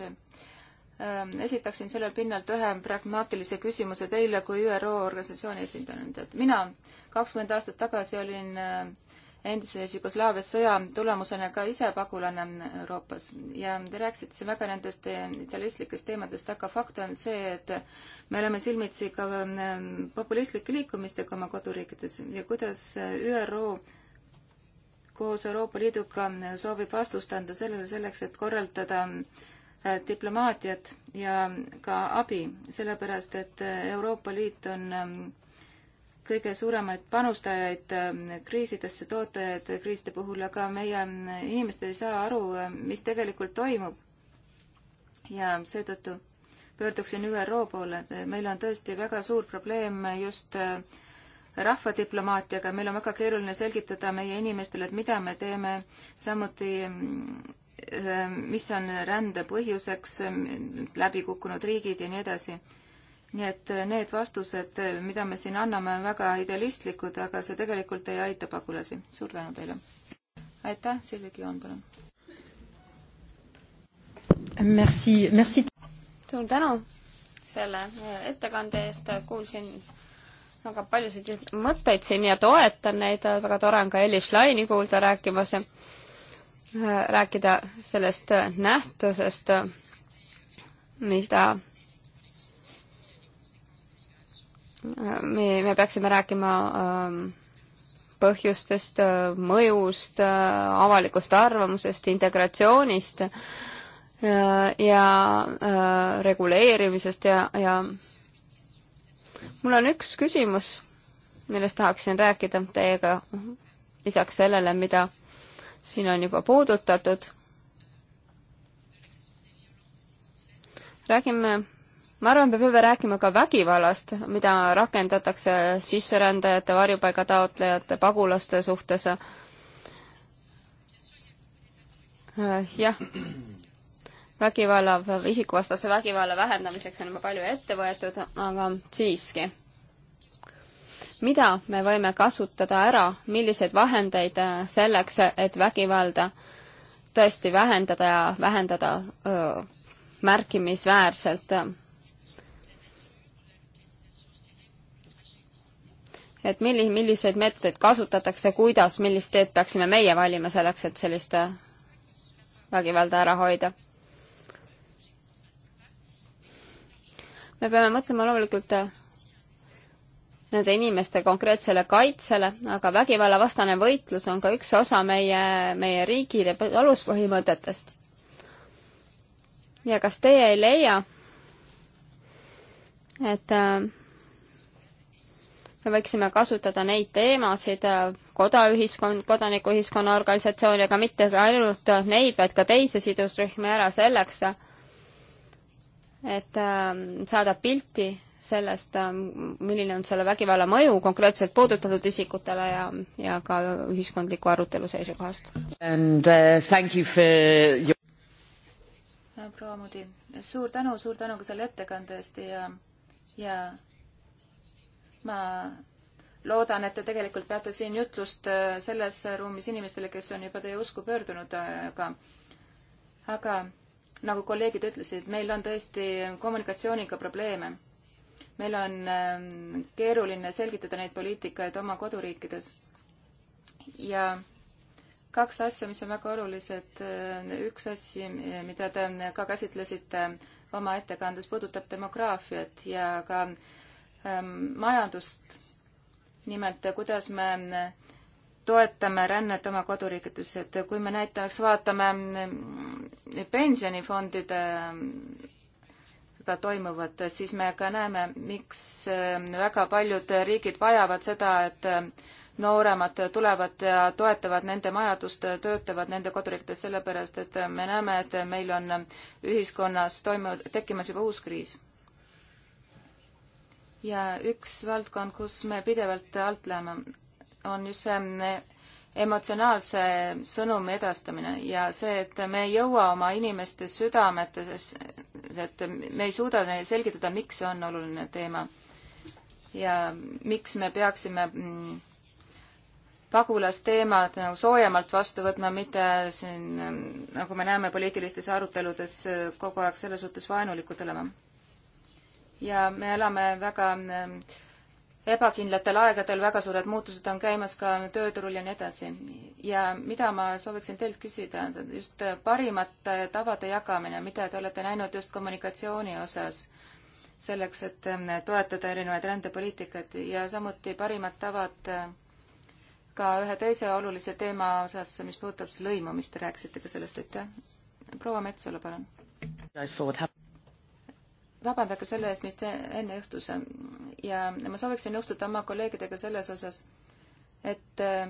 esitaksin sellel pinnalt ühe pragmaatilise küsimuse teile kui ÜRO organisatsiooni esindajana. mina kakskümmend aastat tagasi olin endises Jugoslaavias sõja tulemusena ka ise pagulane Euroopas ja te rääkisite siin väga nendest eh, idealistlikest teemadest, aga fakt on see, et me oleme silmitsi ka eh, populistlike liikumistega oma koduriikides ja kuidas eh, ÜRO koos Euroopa Liiduga soovib vastust anda sellele selleks, et korraldada diplomaatiat ja ka abi, sellepärast et Euroopa Liit on kõige suuremaid panustajaid ähm, kriisidesse, tootajaid kriiside puhul, aga meie ähm, inimesed ei saa aru, ähm, mis tegelikult toimub. ja seetõttu pöörduksin ÜRO poole, et meil on tõesti väga suur probleem just äh, rahvadiplomaatiaga, meil on väga keeruline selgitada meie inimestele, et mida me teeme, samuti äh, mis on rände põhjuseks, läbikukkunud riigid ja nii edasi nii et äh, need vastused, äh, mida me siin anname, on väga idealistlikud, aga see tegelikult ei aita pagulasi. suur tänu teile! aitäh, Silvi Kion, palun! Merci, merci! suur tänu selle äh, ettekande eest, kuulsin väga paljusid mõtteid siin ja toetan neid, väga tore on ka Elis Laini kuulda rääkimas ja rääkida sellest nähtusest, mida me, me peaksime rääkima ähm, põhjustest, äh, mõjust, äh, avalikust arvamusest, integratsioonist äh, ja reguleerimisest ja, ja mul on üks küsimus, millest tahaksin rääkida teiega lisaks sellele, mida siin on juba puudutatud. räägime ma arvan, me peame rääkima ka vägivallast, mida rakendatakse sisserändajate, varjupaigataotlejate, pagulaste suhtes. Äh, jah, vägivalla, isikuvastase vägivalla vähendamiseks on juba palju ette võetud, aga siiski. mida me võime kasutada ära, milliseid vahendeid äh, selleks, et vägivalda tõesti vähendada ja vähendada öö, märkimisväärselt et milli-, milliseid meetodeid kasutatakse, kuidas, millist teed peaksime meie valima selleks, et sellist äh, vägivalda ära hoida. me peame mõtlema loomulikult äh, nende inimeste konkreetsele kaitsele, aga vägivallavastane võitlus on ka üks osa meie, meie riigile aluspõhimõtetest. ja kas teie ei leia, et äh, me võiksime kasutada neid teemasid äh, kodaühiskond, kodanikuühiskonna organisatsioone, aga mitte ainult neid, vaid ka teisi sidusrühmi ära selleks, et ähm, saada pilti sellest, ähm, milline on selle vägivalla mõju konkreetselt puudutatud isikutele ja, ja ka ühiskondliku arutelu seisukohast. Uh, proua Mudi, suur tänu, suur tänu ka selle ettekande eest ja, ja ma loodan, et te tegelikult peate siin jutlust äh, selles ruumis inimestele, kes on juba teie usku pöördunud, aga, äh, aga nagu kolleegid ütlesid, meil on tõesti kommunikatsiooniga probleeme. meil on ähm, keeruline selgitada neid poliitikaid oma koduriikides. ja kaks asja, mis on väga olulised. Äh, üks asi, mida te ka käsitlesite oma ettekandes, puudutab demograafiat ja ka äh, Ähm, majandust. nimelt, kuidas me toetame rännet oma koduriikides, et kui me näiteks vaatame mm, pensionifondide mm, ka toimuvat, siis me ka näeme, miks mm, väga paljud riigid vajavad seda, et nooremad tulevad ja toetavad nende majandust, töötavad nende koduriikides, sellepärast et me näeme, et meil on ühiskonnas toimu-, tekkimas juba uus kriis ja üks valdkond, kus me pidevalt alt läheme, on just see emotsionaalse sõnumi edastamine ja see, et me ei jõua oma inimeste südametes, et me ei suuda neile selgitada, miks see on oluline teema ja miks me peaksime mm, pagulasteemad nagu soojemalt vastu võtma, mitte siin, nagu me näeme poliitilistes aruteludes, kogu aeg selle suhtes vaenulikud olema ja me elame väga ähm, ebakindlatel aegadel, väga suured muutused on käimas ka tööturul ja nii edasi. ja mida ma sooviksin teilt küsida, just parimate tavade jagamine, mida te olete näinud just kommunikatsiooni osas, selleks, et ähm, toetada erinevaid rändepoliitikaid ja samuti parimad tavad äh, ka ühe teise olulise teema osas, mis puudutab siis lõimumist, te rääkisite ka sellest, aitäh. proua Metsola, palun vabandage selle eest, mis enne juhtus ja ma sooviksin nõustuda oma kolleegidega selles osas, et äh,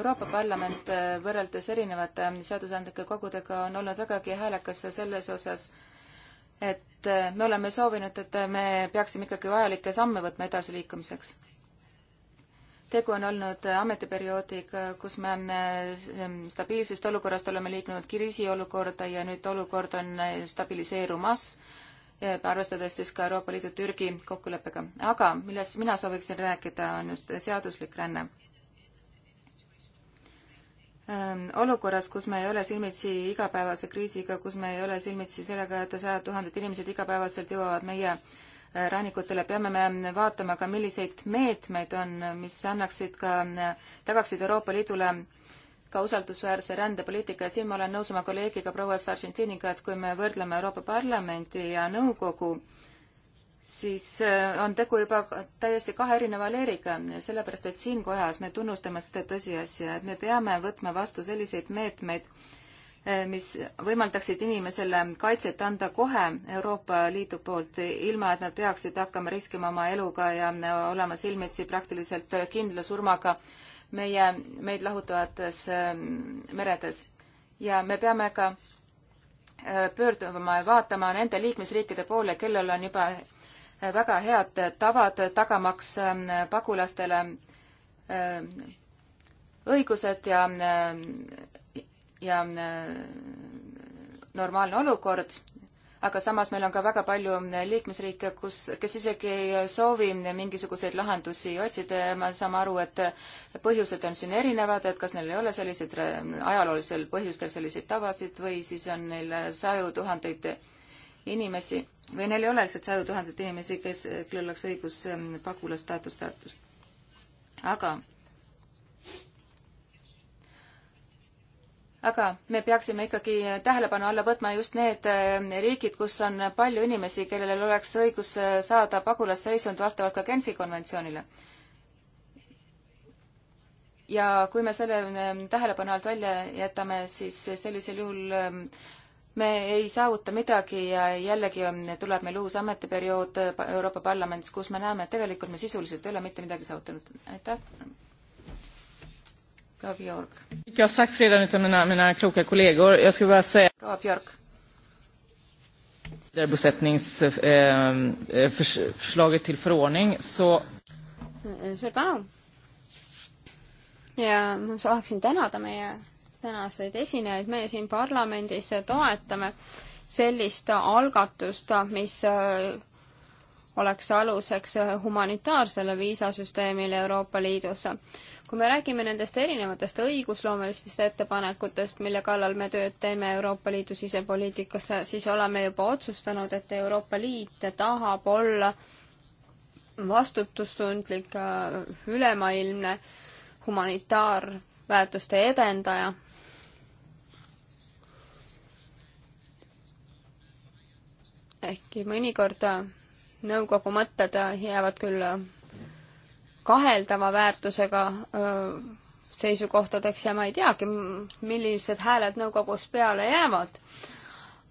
Euroopa Parlament äh, võrreldes erinevate seadusandlike kogudega on olnud vägagi häälekas selles osas, et äh, me oleme soovinud, et me peaksime ikkagi vajalikke samme võtma edasiliikumiseks. tegu on olnud ametiperioodiga, kus me stabiilsest olukorrast oleme liikunud kriisiolukorda ja nüüd olukord on stabiliseerumas arvestades siis ka Euroopa Liidu Türgi kokkuleppega. aga millest mina sooviksin rääkida, on just seaduslik ränne. Ähm, olukorras, kus me ei ole silmitsi igapäevase kriisiga, kus me ei ole silmitsi sellega, et sajad tuhanded inimesed igapäevaselt jõuavad meie äh, rannikutele, peame me vaatama ka, milliseid meetmeid on, mis annaksid ka, äh, tagaksid Euroopa Liidule ka usaldusväärse rändepoliitika ja siin ma olen nõus oma kolleegiga proua Sargentiniga, et kui me võrdleme Euroopa Parlamenti ja nõukogu, siis äh, on tegu juba täiesti kahe erineva leeriga, sellepärast et siin kojas me tunnustame seda tõsiasja, et me peame võtma vastu selliseid meetmeid, äh, mis võimaldaksid inimesele kaitset anda kohe Euroopa Liidu poolt, ilma et nad peaksid hakkama riskima oma eluga ja olema silmitsi praktiliselt kindla surmaga meie, meid lahutavates ähm, meredes ja me peame ka äh, pöörduma ja vaatama nende liikmesriikide poole, kellel on juba äh, väga head tavad tagamaks ähm, pagulastele äh, õigused ja, ähm, ja normaalne olukord aga samas meil on ka väga palju liikmesriike, kus, kes isegi ei soovi mingisuguseid lahendusi otsida ja me saame aru, et põhjused on siin erinevad, et kas neil ei ole selliseid ajaloolisel põhjustel selliseid tavasid või siis on neil saju tuhandeid inimesi või neil ei ole lihtsalt saju tuhandeid inimesi, kes, kellel oleks õigus ähm, pagulastaatust taotleda. aga aga me peaksime ikkagi tähelepanu alla võtma just need eh, riigid, kus on palju inimesi, kellel oleks õigus eh, saada pagulasseisund vastavalt ka Genfi konventsioonile. ja kui me selle eh, tähelepanu alt välja jätame, siis sellisel juhul me ei saavuta midagi ja jällegi tuleb meil uus ametiperiood Euroopa Parlamendis, kus me näeme, et tegelikult me sisuliselt ei ole mitte midagi saavutanud. aitäh! proua Björk. Jag har sagt redan utan mina, mina kloka kollegor, jag skulle bara säga. Proua Björk. Vidarebosättningsförslaget eh, eh till förordning så. Eh, suur tänu. ja ma tahaksin tänada meie tänaseid esinejaid, meie siin parlamendis toetame sellist algatust, mis eh, oleks aluseks humanitaarsele viisasüsteemile Euroopa Liidus. kui me räägime nendest erinevatest õigusloomelistest ettepanekutest, mille kallal me tööd teeme Euroopa Liidu sisepoliitikas, siis oleme juba otsustanud, et Euroopa Liit tahab olla vastutustundlik, ülemaailmne humanitaarväärtuste edendaja ehkki mõnikord nõukogu mõtted jäävad küll kaheldava väärtusega seisukohtadeks ja ma ei teagi, millised hääled nõukogus peale jäävad.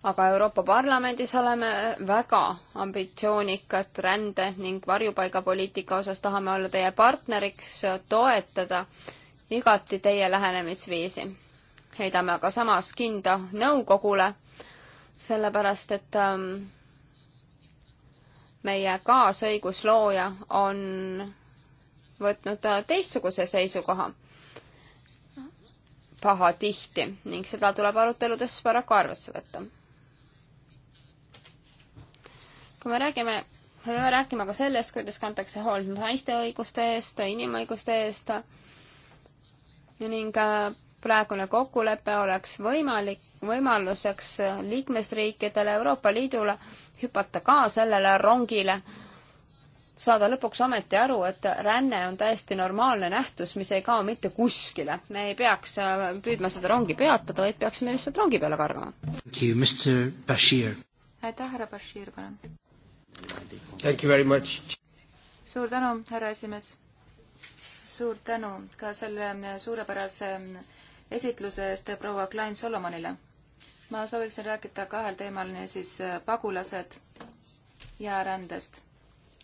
aga Euroopa Parlamendis oleme väga ambitsioonikad rände ning varjupaigapoliitika osas, tahame olla teie partneriks, toetada igati teie lähenemisviisi. heidame aga samas kinda nõukogule, sellepärast et ähm, meie kaasõiguslooja on võtnud teistsuguse seisukoha pahatihti ning seda tuleb aruteludes paraku arvesse võtta. kui me räägime, me peame rääkima ka sellest, kuidas kantakse hoolt naiste õiguste eest, inimõiguste eest ning äh, praegune kokkulepe oleks võimalik, võimaluseks liikmesriikidele, Euroopa Liidule hüpata ka sellele rongile, saada lõpuks ometi aru, et ränne on täiesti normaalne nähtus, mis ei kao mitte kuskile. me ei peaks äh, püüdma seda rongi peatada, vaid peaksime lihtsalt rongi peale kargama. aitäh, härra Bashir, palun. suur tänu, härra esimees suur tänu ka selle suurepärase esitluse eest proua Klein Solomonile. ma sooviksin rääkida kahel teemal, niisiis äh, pagulased ja rändest.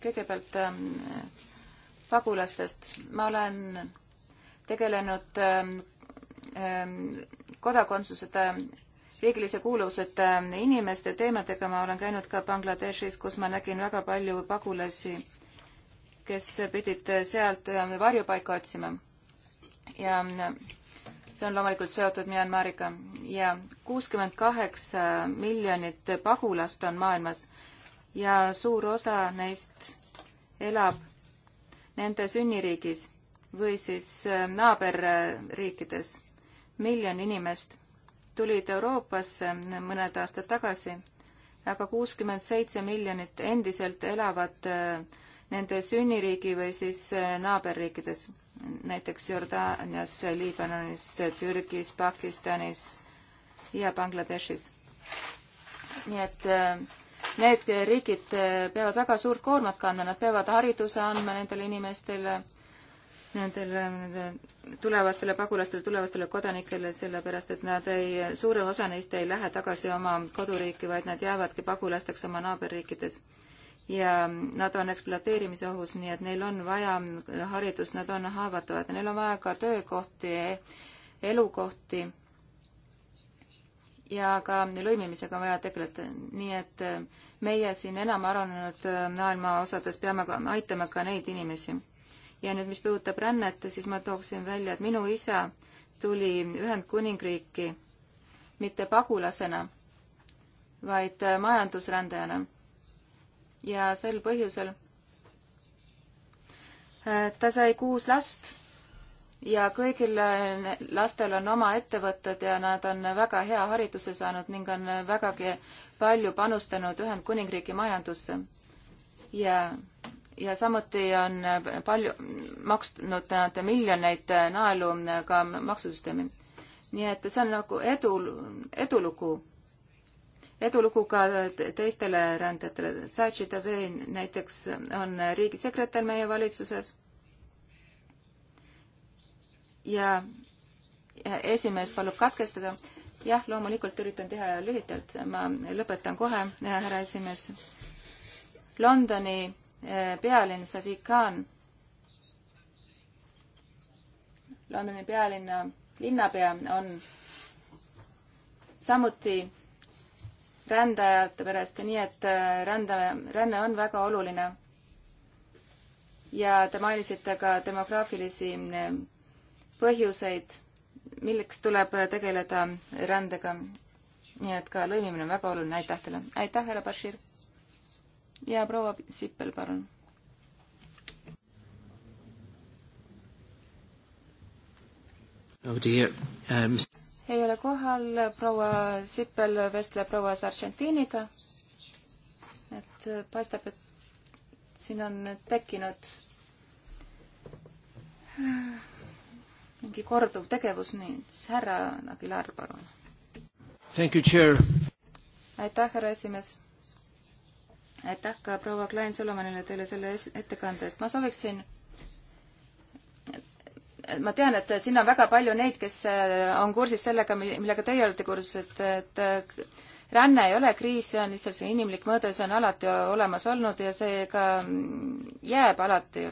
kõigepealt ähm, pagulastest. ma olen tegelenud ähm, ähm, kodakondsuseta riigilise kuuluvuseta inimeste teemadega ma olen käinud ka Bangladeshis, kus ma nägin väga palju pagulasi, kes pidid äh, sealt äh, varjupaika otsima. ja see on loomulikult seotud Myanmariga ja kuuskümmend kaheksa miljonit pagulast on maailmas ja suur osa neist elab nende sünniriigis või siis äh, naaberriikides. miljon inimest tulid Euroopasse äh, mõned aastad tagasi, aga kuuskümmend seitse miljonit endiselt elavad äh, nende sünniriigi või siis naaberriikides näiteks Jordaanias, Liibanonis, Türgis, Pakistanis ja Bangladeshis. nii et äh, need riigid äh, peavad väga suurt koormat kandma, nad peavad hariduse andma nendele inimestele, nendele tulevastele pagulastele, tulevastele kodanikele, sellepärast et nad ei, suurem osa neist ei lähe tagasi oma koduriiki, vaid nad jäävadki pagulasteks oma naaberriikides ja nad on ekspluateerimise ohus, nii et neil on vaja haridust, nad on haavatavad, neil on vaja ka töökohti, elukohti ja ka lõimimisega on vaja tegeleda, nii et meie siin enam arenenud maailma osades peame ka, aitama ka neid inimesi. ja nüüd, mis puudutab rännet, siis ma tooksin välja, et minu isa tuli Ühendkuningriiki mitte pagulasena, vaid majandusrändajana ja sel põhjusel äh, ta sai kuus last ja kõigil äh, lastel on oma ettevõtted ja nad on väga hea hariduse saanud ning on vägagi palju panustanud Ühendkuningriigi majandusse. ja, ja samuti on äh, palju, maksnud nad miljoneid naelu ka maksusüsteemi. nii et see on nagu edu, edulugu edulugu ka teistele rändajatele. Saatši Taveen näiteks on riigisekretär meie valitsuses ja esimees palub katkestada. jah, loomulikult üritan teha lühidalt, ma lõpetan kohe, härra esimees. Londoni eh, pealinn Sadiq Khan, Londoni pealinna linnapea on samuti rändajate perest ja nii, et äh, rände, ränne on väga oluline. ja te mainisite ka demograafilisi äh, põhjuseid, milleks tuleb äh, tegeleda rändega. nii et ka lõimimine on väga oluline, aitäh teile. aitäh, härra Bashir. ja proua Sippel, palun. Oh dear um ei ole kohal, proua Sippel vestleb proua Sargentiniga. et paistab, et siin on tekkinud äh, mingi korduv tegevus, nii, siis härra Aguilar, palun. aitäh, härra esimees. aitäh ka proua Klein-Solomonile teile selle ettekande eest. ma sooviksin ma tean, et siin on väga palju neid, kes äh, on kursis sellega, millega teie olete kursis, et, et äh, ränne ei ole kriis, see on lihtsalt see inimlik mõõde, see on alati olemas olnud ja see ka mm, jääb alati.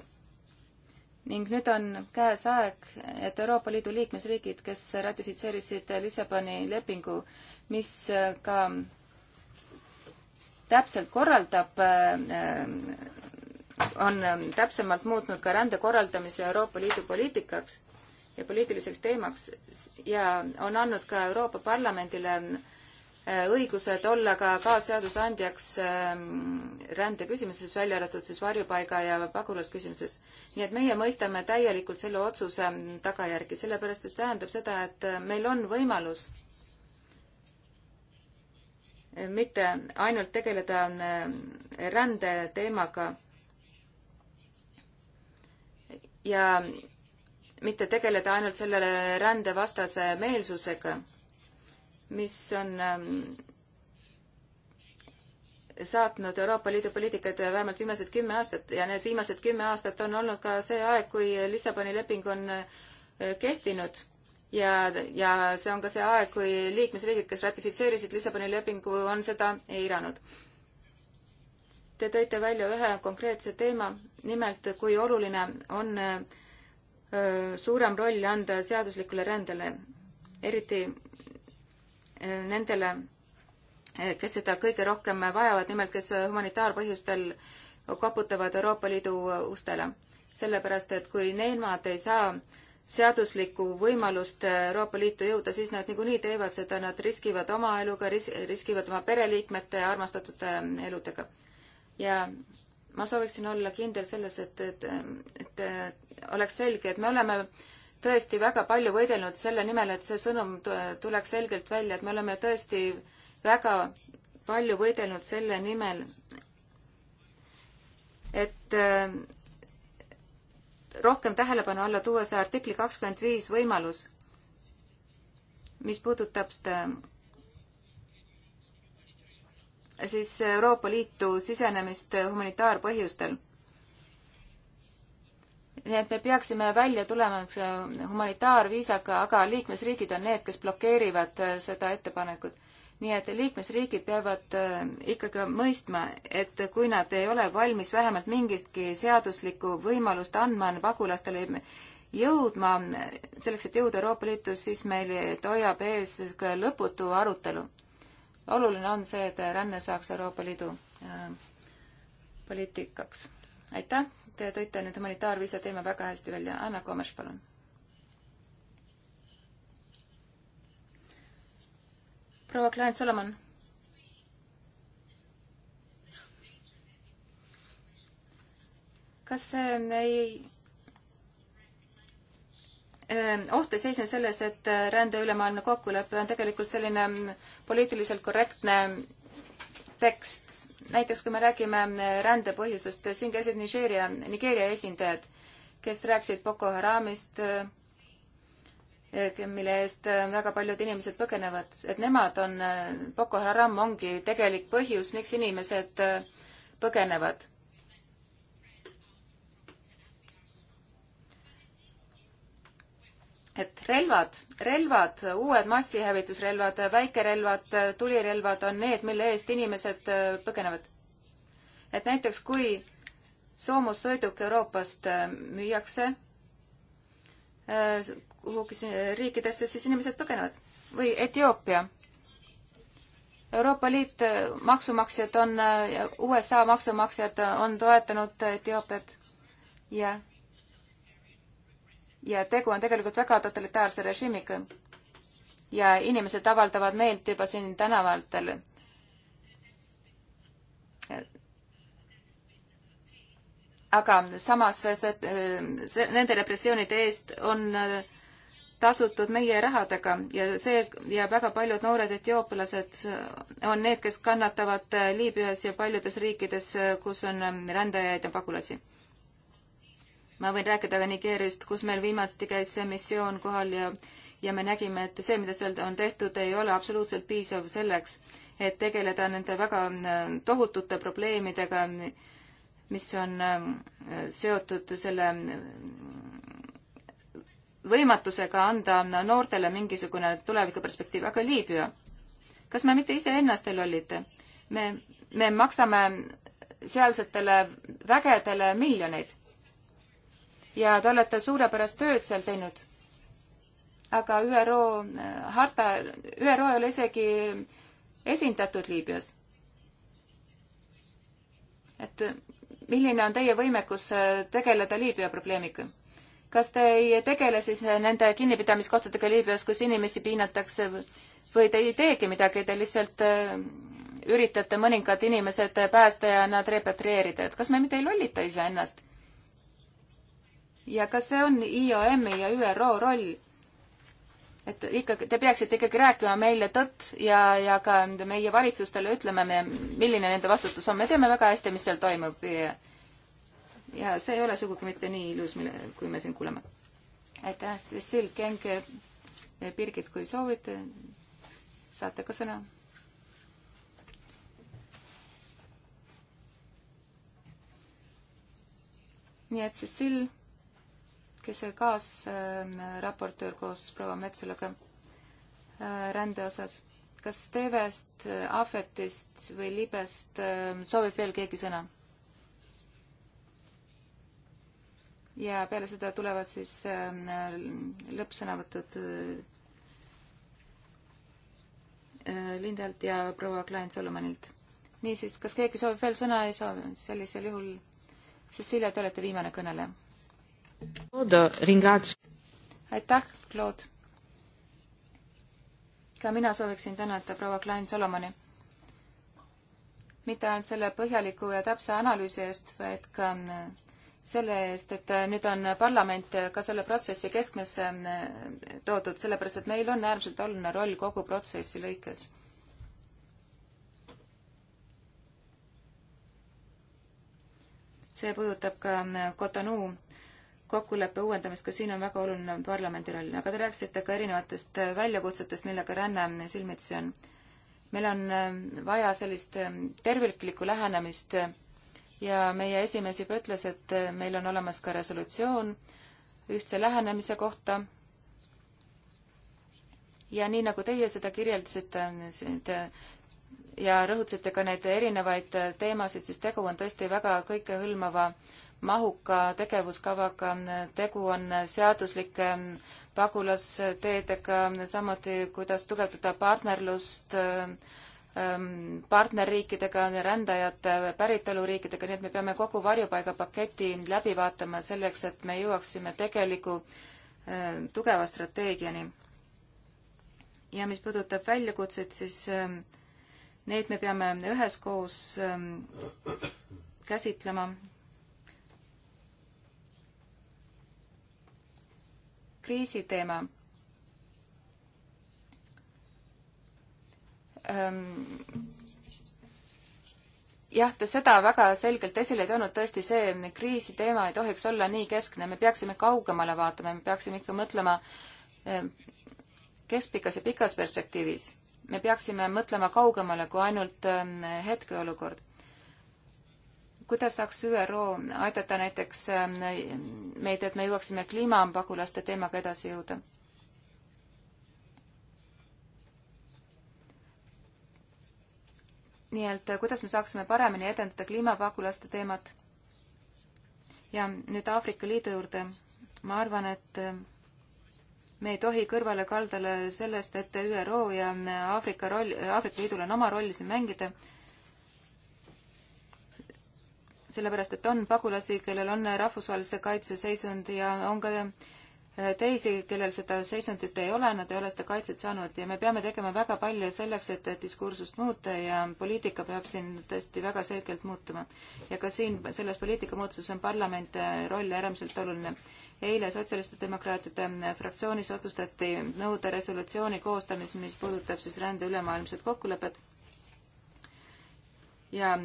ning nüüd on käes aeg, et Euroopa Liidu liikmesriigid, kes ratifitseerisid Lissaboni lepingu, mis äh, ka täpselt korraldab on ähm, täpsemalt muutnud ka rände korraldamise Euroopa Liidu poliitikaks ja poliitiliseks teemaks ja on andnud ka Euroopa Parlamendile äh, õigused olla ka kaasseadusandjaks ähm, rände küsimuses, välja arvatud siis varjupaiga ja pagulasküsimuses. nii et meie mõistame täielikult selle otsuse ähm, tagajärgi, sellepärast et tähendab seda, et äh, meil on võimalus äh, mitte ainult tegeleda rände teemaga ja mitte tegeleda ainult selle rändevastase meelsusega, mis on ähm, saatnud Euroopa Liidu poliitikat vähemalt viimased kümme aastat ja need viimased kümme aastat on olnud ka see aeg, kui Lissaboni leping on äh, kehtinud ja, ja see on ka see aeg, kui liikmesriigid, kes ratifitseerisid Lissaboni lepingu, on seda eiranud. Te tõite välja ühe konkreetse teema, nimelt, kui oluline on suurem roll anda seaduslikule rändele, eriti nendele, kes seda kõige rohkem vajavad, nimelt kes humanitaarpõhjustel koputavad Euroopa Liidu ustele. sellepärast, et kui nemad ei saa seaduslikku võimalust Euroopa Liitu jõuda, siis nad niikuinii teevad seda, nad riskivad oma eluga ris, riskivad oma pereliikmete ja armastatute eludega. ja ma sooviksin olla kindel selles, et, et, et, et oleks selge, et me oleme tõesti väga palju võidelnud selle nimel, et see sõnum tuleks selgelt välja, et me oleme tõesti väga palju võidelnud selle nimel, et rohkem tähelepanu alla tuua see artikli kakskümmend viis võimalus, mis puudutab seda siis Euroopa Liitu sisenemist humanitaarpõhjustel. nii et me peaksime välja tulema äh, humanitaarviisaga, aga liikmesriigid on need, kes blokeerivad äh, seda ettepanekut. nii et liikmesriigid peavad äh, ikkagi mõistma, et kui nad ei ole valmis vähemalt mingitki seaduslikku võimalust andma pagulastele jõudma, selleks, et jõuda Euroopa Liitu, siis meil toiab ees lõputu arutelu oluline on see, et ränne saaks Euroopa Liidu äh, poliitikaks. aitäh, te tõite nüüd humanitaarviisa teema väga hästi välja. Anna Komes, palun. proua Klein-Solomon. kas see ei Ehm, oht ei seisne selles, et äh, rände ülemaailmne kokkulepe on tegelikult selline mm, poliitiliselt korrektne tekst. näiteks kui me räägime äh, rände põhjusest, äh, siin käisid Nigeeria, Nigeeria esindajad, kes rääkisid Boko Haramist, mille eest väga paljud inimesed põgenevad, et nemad on, Boko Haram ongi tegelik põhjus, miks inimesed põgenevad et relvad, relvad, uued massihävitusrelvad, väikerelvad, tulirelvad on need, mille eest inimesed äh, põgenevad. et näiteks kui soomussõiduk Euroopast äh, müüakse äh, kuhugi riikidesse, siis inimesed põgenevad. või Etioopia. Euroopa Liit maksumaksjad on, USA maksumaksjad on toetanud Etioopiat ja ja tegu on tegelikult väga totalitaarse režiimiga. ja inimesed avaldavad meelt juba siin tänavatel. aga samas see, see, nende repressioonide eest on äh, tasutud meie rahadega ja see ja väga paljud noored etiooplased on need, kes kannatavad Liibüas ja paljudes riikides, kus on äh, rändajaid ja pagulasi ma võin rääkida ka Nigeerist, kus meil viimati käis see missioon kohal ja, ja me nägime, et see, mida seal on tehtud, ei ole absoluutselt piisav selleks, et tegeleda nende väga äh, tohutute probleemidega, mis on äh, seotud selle äh, võimatusega anda noortele mingisugune tulevikuperspektiiv, aga Liibüa, kas me mitte iseennast ei lollita? me, me maksame sealsetele vägedele miljoneid ja te olete suurepärast tööd seal teinud. aga ÜRO äh, harta, ÜRO ei ole isegi esindatud Liibüas. et milline on teie võimekus äh, tegeleda Liibüa probleemiga? kas te ei tegele siis äh, nende kinnipidamiskohtadega Liibüas, kus inimesi piinatakse või te ei teegi midagi, te lihtsalt üritate mõningad inimesed päästa ja nad repatrieerida, et kas me mitte ei lollita iseennast? ja kas see on IOM-i ja ÜRO roll? et ikkagi, te peaksite ikkagi rääkima meile tõtt ja, ja ka meie valitsustele ütlema, milline nende vastutus on, me teame väga hästi, mis seal toimub ja, ja see ei ole sugugi mitte nii ilus, mille, kui me siin kuuleme. aitäh, Cecil Keng, Birgit, kui soovite, saate ka sõna nii et Cecil kes oli kaasraportöör äh, koos proua Metsulaga äh, rände osas. kas Stevest, äh, Ahvetist või Libest soovib veel keegi sõna? ja peale seda tulevad siis lõppsõnavõtud Lindelt ja proua Klein-Solomanilt. niisiis, kas keegi soovib veel sõna, ei soovi, sellisel juhul, Cecilia, te olete viimane kõneleja aitäh, Claude! ka mina sooviksin tänada proua Klein Solomoni. mitte ainult selle põhjaliku ja täpse analüüsi eest, vaid ka äh, selle eest, et äh, nüüd on parlament äh, ka selle protsessi keskmesse toodud, sellepärast et meil on äärmiselt oluline roll kogu protsessi lõikes. see puudutab ka Cotonou kokkuleppe uuendamist, ka siin on väga oluline parlamendi roll, aga te rääkisite ka erinevatest äh, väljakutsetest, millega ränne silmitsi on. meil on äh, vaja sellist äh, terviklikku lähenemist ja meie esimees juba ütles, et meil on olemas ka resolutsioon ühtse lähenemise kohta. ja nii, nagu teie seda kirjeldasite, ja rõhutasite ka neid erinevaid teemasid, siis tegu on tõesti väga kõikehõlmava mahuka tegevuskavaga, tegu on seaduslike pagulasteedega, samuti kuidas tugevdada partnerlust ähm, partnerriikidega, rändajate päritoluriikidega, nii et me peame kogu varjupaigapaketi läbi vaatama selleks, et me jõuaksime tegeliku ähm, tugeva strateegiani. ja mis puudutab väljakutseid, siis ähm, neid me peame üheskoos käsitlema kriisiteema. Ehm, jah, te seda väga selgelt esile ei toonud, tõesti see kriisiteema ei tohiks olla nii keskne, me peaksime kaugemale vaatama, me peaksime ikka mõtlema ehm, keskpikas ja pikas perspektiivis. me peaksime mõtlema kaugemale kui ainult ehm, hetkeolukord kuidas saaks ÜRO aidata näiteks ähm, meid, et me jõuaksime kliimapagulaste teemaga edasi jõuda? nii et äh, kuidas me saaksime paremini edendada kliimapagulaste teemat? ja nüüd Aafrika Liidu juurde. ma arvan, et äh, me ei tohi kõrvale kaldale sellest, et ÜRO ja äh, Aafrika roll, Aafrika Liidul on oma rolli siin mängida sellepärast et on pagulasi, kellel on rahvusvahelise kaitse seisund ja on ka äh, teisi, kellel seda seisundit ei ole, nad ei ole seda kaitset saanud ja me peame tegema väga palju selleks, et diskursust muuta ja poliitika peab siin tõesti väga selgelt muutuma. ja ka siin selles poliitika muutuses on parlament äh, roll äärmiselt oluline. eile sotsialistide demokraatide äh, fraktsioonis otsustati nõuda resolutsiooni koostamist, mis puudutab siis rände ülemaailmset kokkulepet ja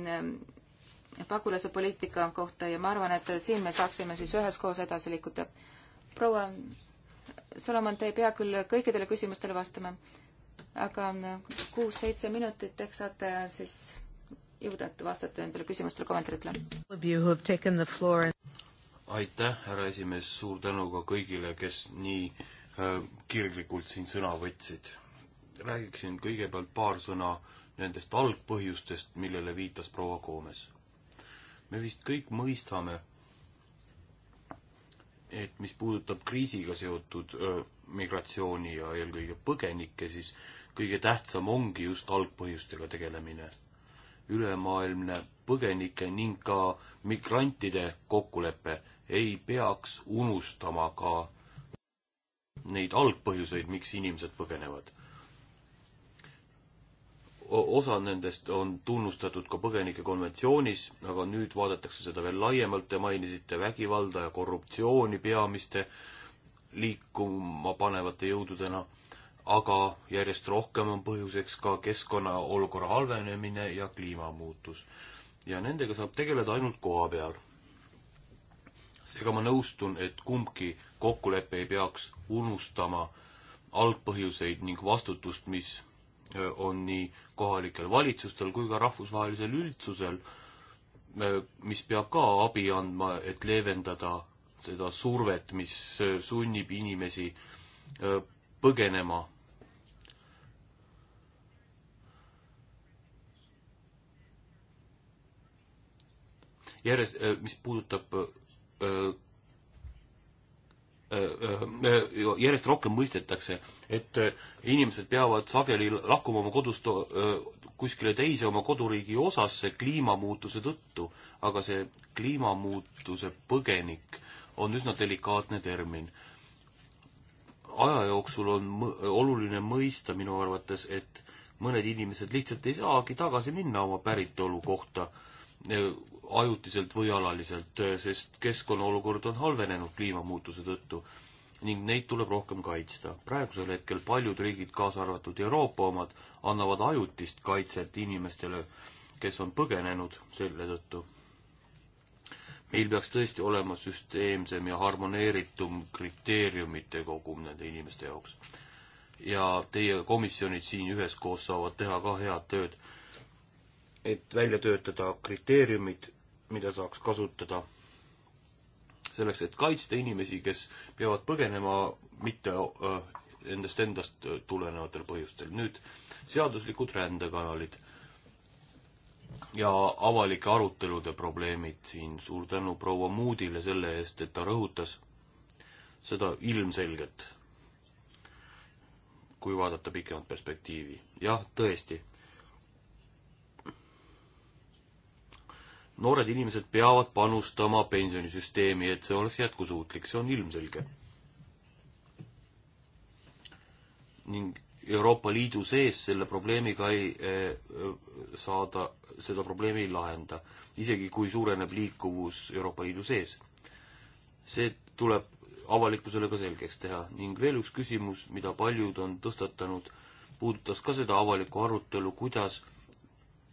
pagulase poliitika kohta ja ma arvan, et siin me saaksime siis üheskoos edasi liikuda. proua Solomon, te ei pea küll kõikidele küsimustele vastama, aga kuus-seitse minutit, eks saate siis jõuda, et vastate nendele küsimustele, kommentaaridele. aitäh, härra esimees, suur tänu ka kõigile, kes nii äh, kirglikult siin sõna võtsid. räägiksin kõigepealt paar sõna nendest algpõhjustest, millele viitas proua Koomes me vist kõik mõistame, et mis puudutab kriisiga seotud öö, migratsiooni ja eelkõige põgenikke, siis kõige tähtsam ongi just algpõhjustega tegelemine. ülemaailmne põgenike ning ka migrantide kokkulepe ei peaks unustama ka neid algpõhjuseid, miks inimesed põgenevad osa nendest on tunnustatud ka põgenike konventsioonis, aga nüüd vaadatakse seda veel laiemalt, te mainisite vägivalda ja korruptsiooni peamiste liikuma panevate jõududena, aga järjest rohkem on põhjuseks ka keskkonna olukorra halvenemine ja kliimamuutus. ja nendega saab tegeleda ainult koha peal. seega ma nõustun, et kumbki kokkulepe ei peaks unustama algpõhjuseid ning vastutust, mis eh, on nii kohalikel valitsustel kui ka rahvusvahelisel üldsusel, mis peab ka abi andma, et leevendada seda survet, mis äh, sunnib inimesi äh, põgenema. järjest, äh, mis puudutab Äh, äh, äh, järjest rohkem mõistetakse, et inimesed peavad sageli lakkuma oma kodust kuskile teise oma koduriigi osasse kliimamuutuse tõttu, aga see kliimamuutuse põgenik on üsna delikaatne termin. aja jooksul on oluline mõista minu arvates, et mõned inimesed lihtsalt ei saagi tagasi minna oma päritolu kohta ajutiselt või alaliselt, sest keskkonna olukord on halvenenud kliimamuutuse tõttu ning neid tuleb rohkem kaitsta. praegusel hetkel paljud riigid, kaasa arvatud Euroopa omad, annavad ajutist kaitset inimestele, kes on põgenenud selle tõttu. meil peaks tõesti olema süsteemsem ja harmoneeritum kriteeriumite kogum nende inimeste jaoks. ja teie komisjonid siin üheskoos saavad teha ka head tööd, et välja töötada kriteeriumid mida saaks kasutada selleks, et kaitsta inimesi, kes peavad põgenema mitte äh, endast endast äh, tulenevatel põhjustel. nüüd seaduslikud rändekanalid ja avalike arutelude probleemid siin. suur tänu proua Moodile selle eest, et ta rõhutas seda ilmselgelt, kui vaadata pikemat perspektiivi. jah, tõesti noored inimesed peavad panustama pensionisüsteemi, et see oleks jätkusuutlik, see on ilmselge. ning Euroopa Liidu sees selle probleemiga ei eh, saada, seda probleemi ei lahenda, isegi kui suureneb liikuvus Euroopa Liidu sees. see tuleb avalikkusele ka selgeks teha ning veel üks küsimus, mida paljud on tõstatanud, puudutas ka seda avalikku arutelu, kuidas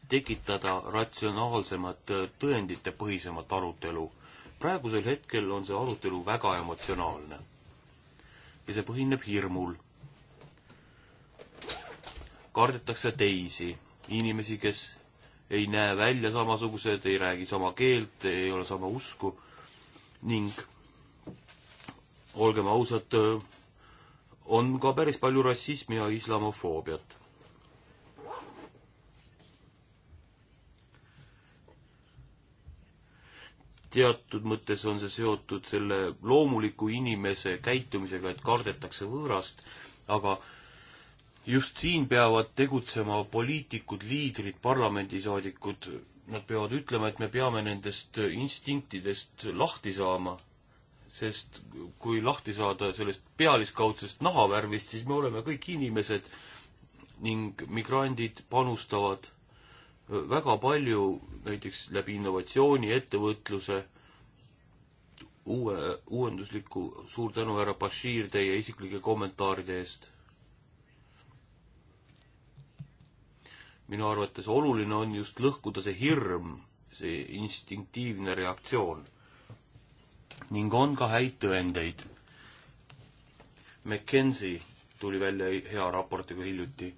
tekitada ratsionaalsemat, äh, tõenditepõhisemat arutelu. praegusel hetkel on see arutelu väga emotsionaalne. ja see põhineb hirmul. kardetakse teisi, inimesi, kes ei näe välja samasugused, ei räägi sama keelt, ei ole sama usku ning olgem ausad, äh, on ka päris palju rassismi ja islamofoobiat teatud mõttes on see seotud selle loomuliku inimese käitumisega, et kardetakse võõrast, aga just siin peavad tegutsema poliitikud, liidrid, parlamendisaadikud, nad peavad ütlema, et me peame nendest instinktidest lahti saama. sest kui lahti saada sellest pealiskaudsest nahavärvist, siis me oleme kõik inimesed ning migrandid panustavad väga palju näiteks läbi innovatsiooni, ettevõtluse, uue, uuendusliku, suur tänu, härra Bashir, teie isiklike kommentaaride eest. minu arvates oluline on just lõhkuda see hirm, see instinktiivne reaktsioon. ning on ka häid tõendeid. McKenzie tuli välja hea raportiga hiljuti.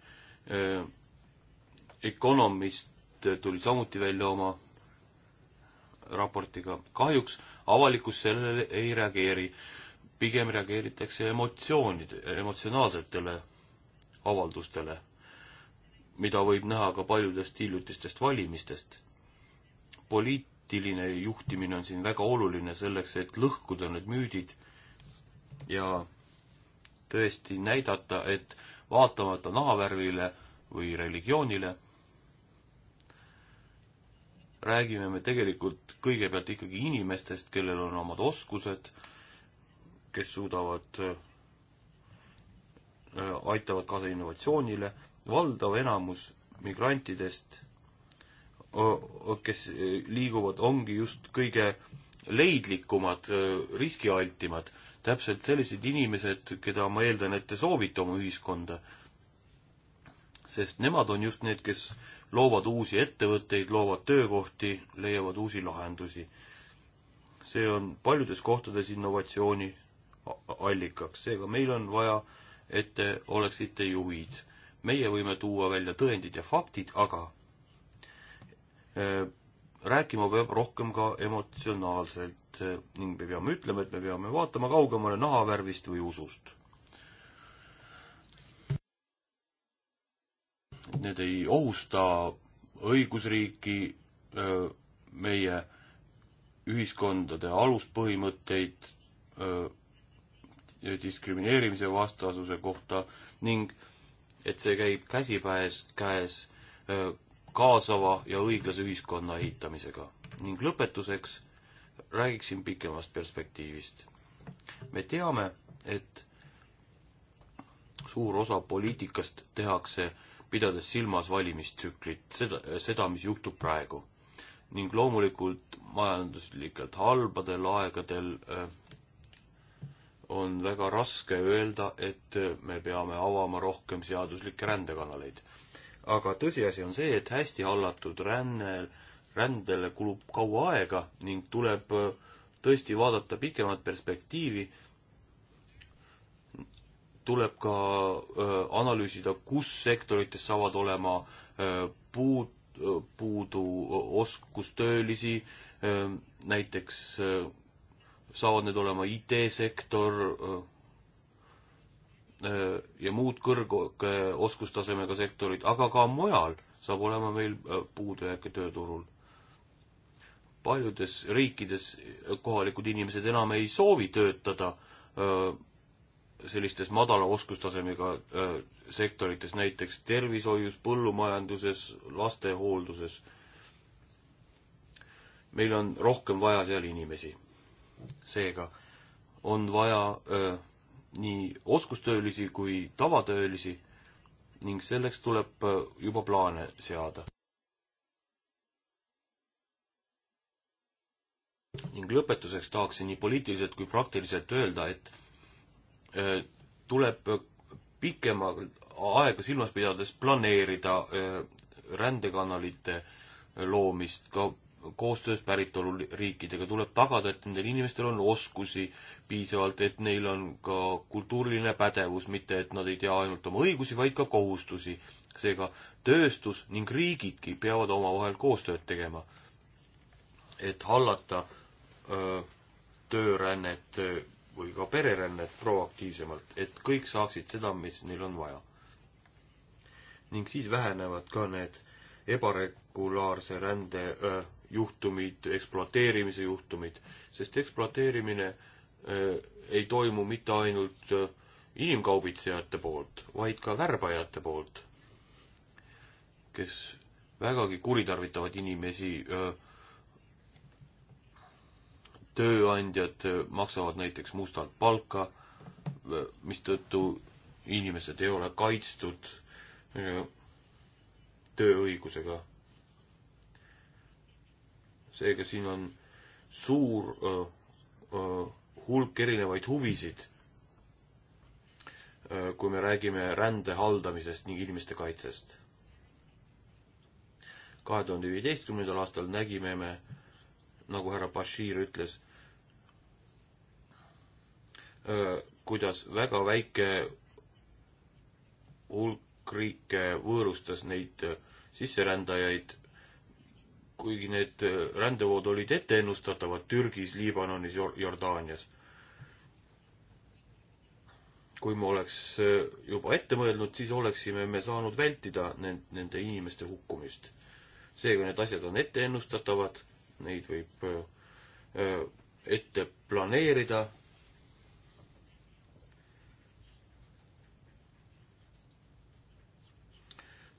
Economist tuli samuti välja oma raportiga. kahjuks avalikkus sellele ei reageeri. pigem reageeritakse emotsioonide, emotsionaalsetele avaldustele, mida võib näha ka paljudest hiljutistest valimistest. poliitiline juhtimine on siin väga oluline selleks, et lõhkuda need müüdid ja tõesti näidata, et vaatamata nahavärvile või religioonile räägime me tegelikult kõigepealt ikkagi inimestest, kellel on omad oskused, kes suudavad, äh, aitavad kaasa innovatsioonile, valdav enamus migrantidest, kes äh, liiguvad, ongi just kõige leidlikumad, riskialtimad, täpselt sellised inimesed, keda ma eeldan, et te soovite oma ühiskonda. sest nemad on just need, kes loovad uusi ettevõtteid, loovad töökohti, leiavad uusi lahendusi. see on paljudes kohtades innovatsiooni allikaks, seega meil on vaja, et te oleksite juhid. meie võime tuua välja tõendid ja faktid, aga e, rääkima peab rohkem ka emotsionaalselt e, ning me peame ütlema, et me peame vaatama kaugemale nahavärvist või usust et need ei ohusta õigusriiki, meie ühiskondade aluspõhimõtteid diskrimineerimise vastasuse kohta ning et see käib käsipäes, käes kaasava ja õiglase ühiskonna ehitamisega. ning lõpetuseks räägiksin pikemast perspektiivist. me teame, et suur osa poliitikast tehakse äh, pidades silmas valimistsüklit, seda, seda, mis juhtub praegu. ning loomulikult majanduslikult halbadel aegadel äh, on väga raske öelda, et äh, me peame avama rohkem seaduslikke rändekanaleid. aga tõsiasi on see, et hästi hallatud rännel, rändele kulub kaua aega ning tuleb äh, tõesti vaadata pikemat perspektiivi tuleb ka öö, analüüsida, kus sektorites saavad olema öö, puud, puudu oskustöölisi, näiteks öö, saavad need olema IT-sektor ja muud kõrgoskustasemega sektorid, aga ka mujal saab olema meil puudujääke tööturul. paljudes riikides kohalikud inimesed enam ei soovi töötada öö, sellistes madala oskustasemega äh, sektorites, näiteks tervishoius, põllumajanduses, lastehoolduses. meil on rohkem vaja seal inimesi. seega on vaja öö, äh, nii oskustöölisi kui tavatöölisi ning selleks tuleb öö, äh, juba plaane seada. ning lõpetuseks tahaksin nii poliitiliselt kui praktiliselt öelda, et Äh, tuleb pikema aega silmas pidades planeerida äh, rändekanalite äh, loomist ka koostöös päritoluriikidega, tuleb tagada, et nendel inimestel on oskusi piisavalt, et neil on ka kultuuriline pädevus, mitte et nad ei tea ainult oma õigusi, vaid ka kohustusi. seega tööstus ning riigidki peavad omavahel koostööd tegema, et hallata öö, töörännet öö, või ka pererännet proaktiivsemalt, et kõik saaksid seda, mis neil on vaja. ning siis vähenevad ka need ebaregulaarse rände öö, juhtumid, ekspluateerimise juhtumid, sest ekspluateerimine öö, ei toimu mitte ainult öö, inimkaubitsejate poolt, vaid ka värbajate poolt, kes vägagi kuritarvitavad inimesi öö, tööandjad äh, maksavad näiteks mustalt palka, äh, mistõttu inimesed ei ole kaitstud äh, tööõigusega. seega siin on suur öö, öö, hulk erinevaid huvisid, kui me räägime rände haldamisest ning inimeste kaitsest. kahe tuhande viieteistkümnendal aastal nägime me, nagu härra Bashir ütles, Äh, kuidas väga väike hulk riike võõrustas neid äh, sisserändajaid, kuigi need äh, rändevood olid etteennustatavad Türgis, Liibanonis, Jordaanias. kui me oleks juba ette mõelnud, siis oleksime me saanud vältida nende inimeste hukkumist. seega need asjad on etteennustatavad, neid võib ette planeerida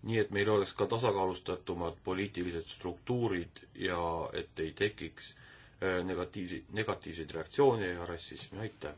nii et meil oleks ka tasakaalustatumad poliitilised struktuurid ja et ei tekiks äh, negatiivseid, negatiivseid reaktsioone ERS-is, aitäh!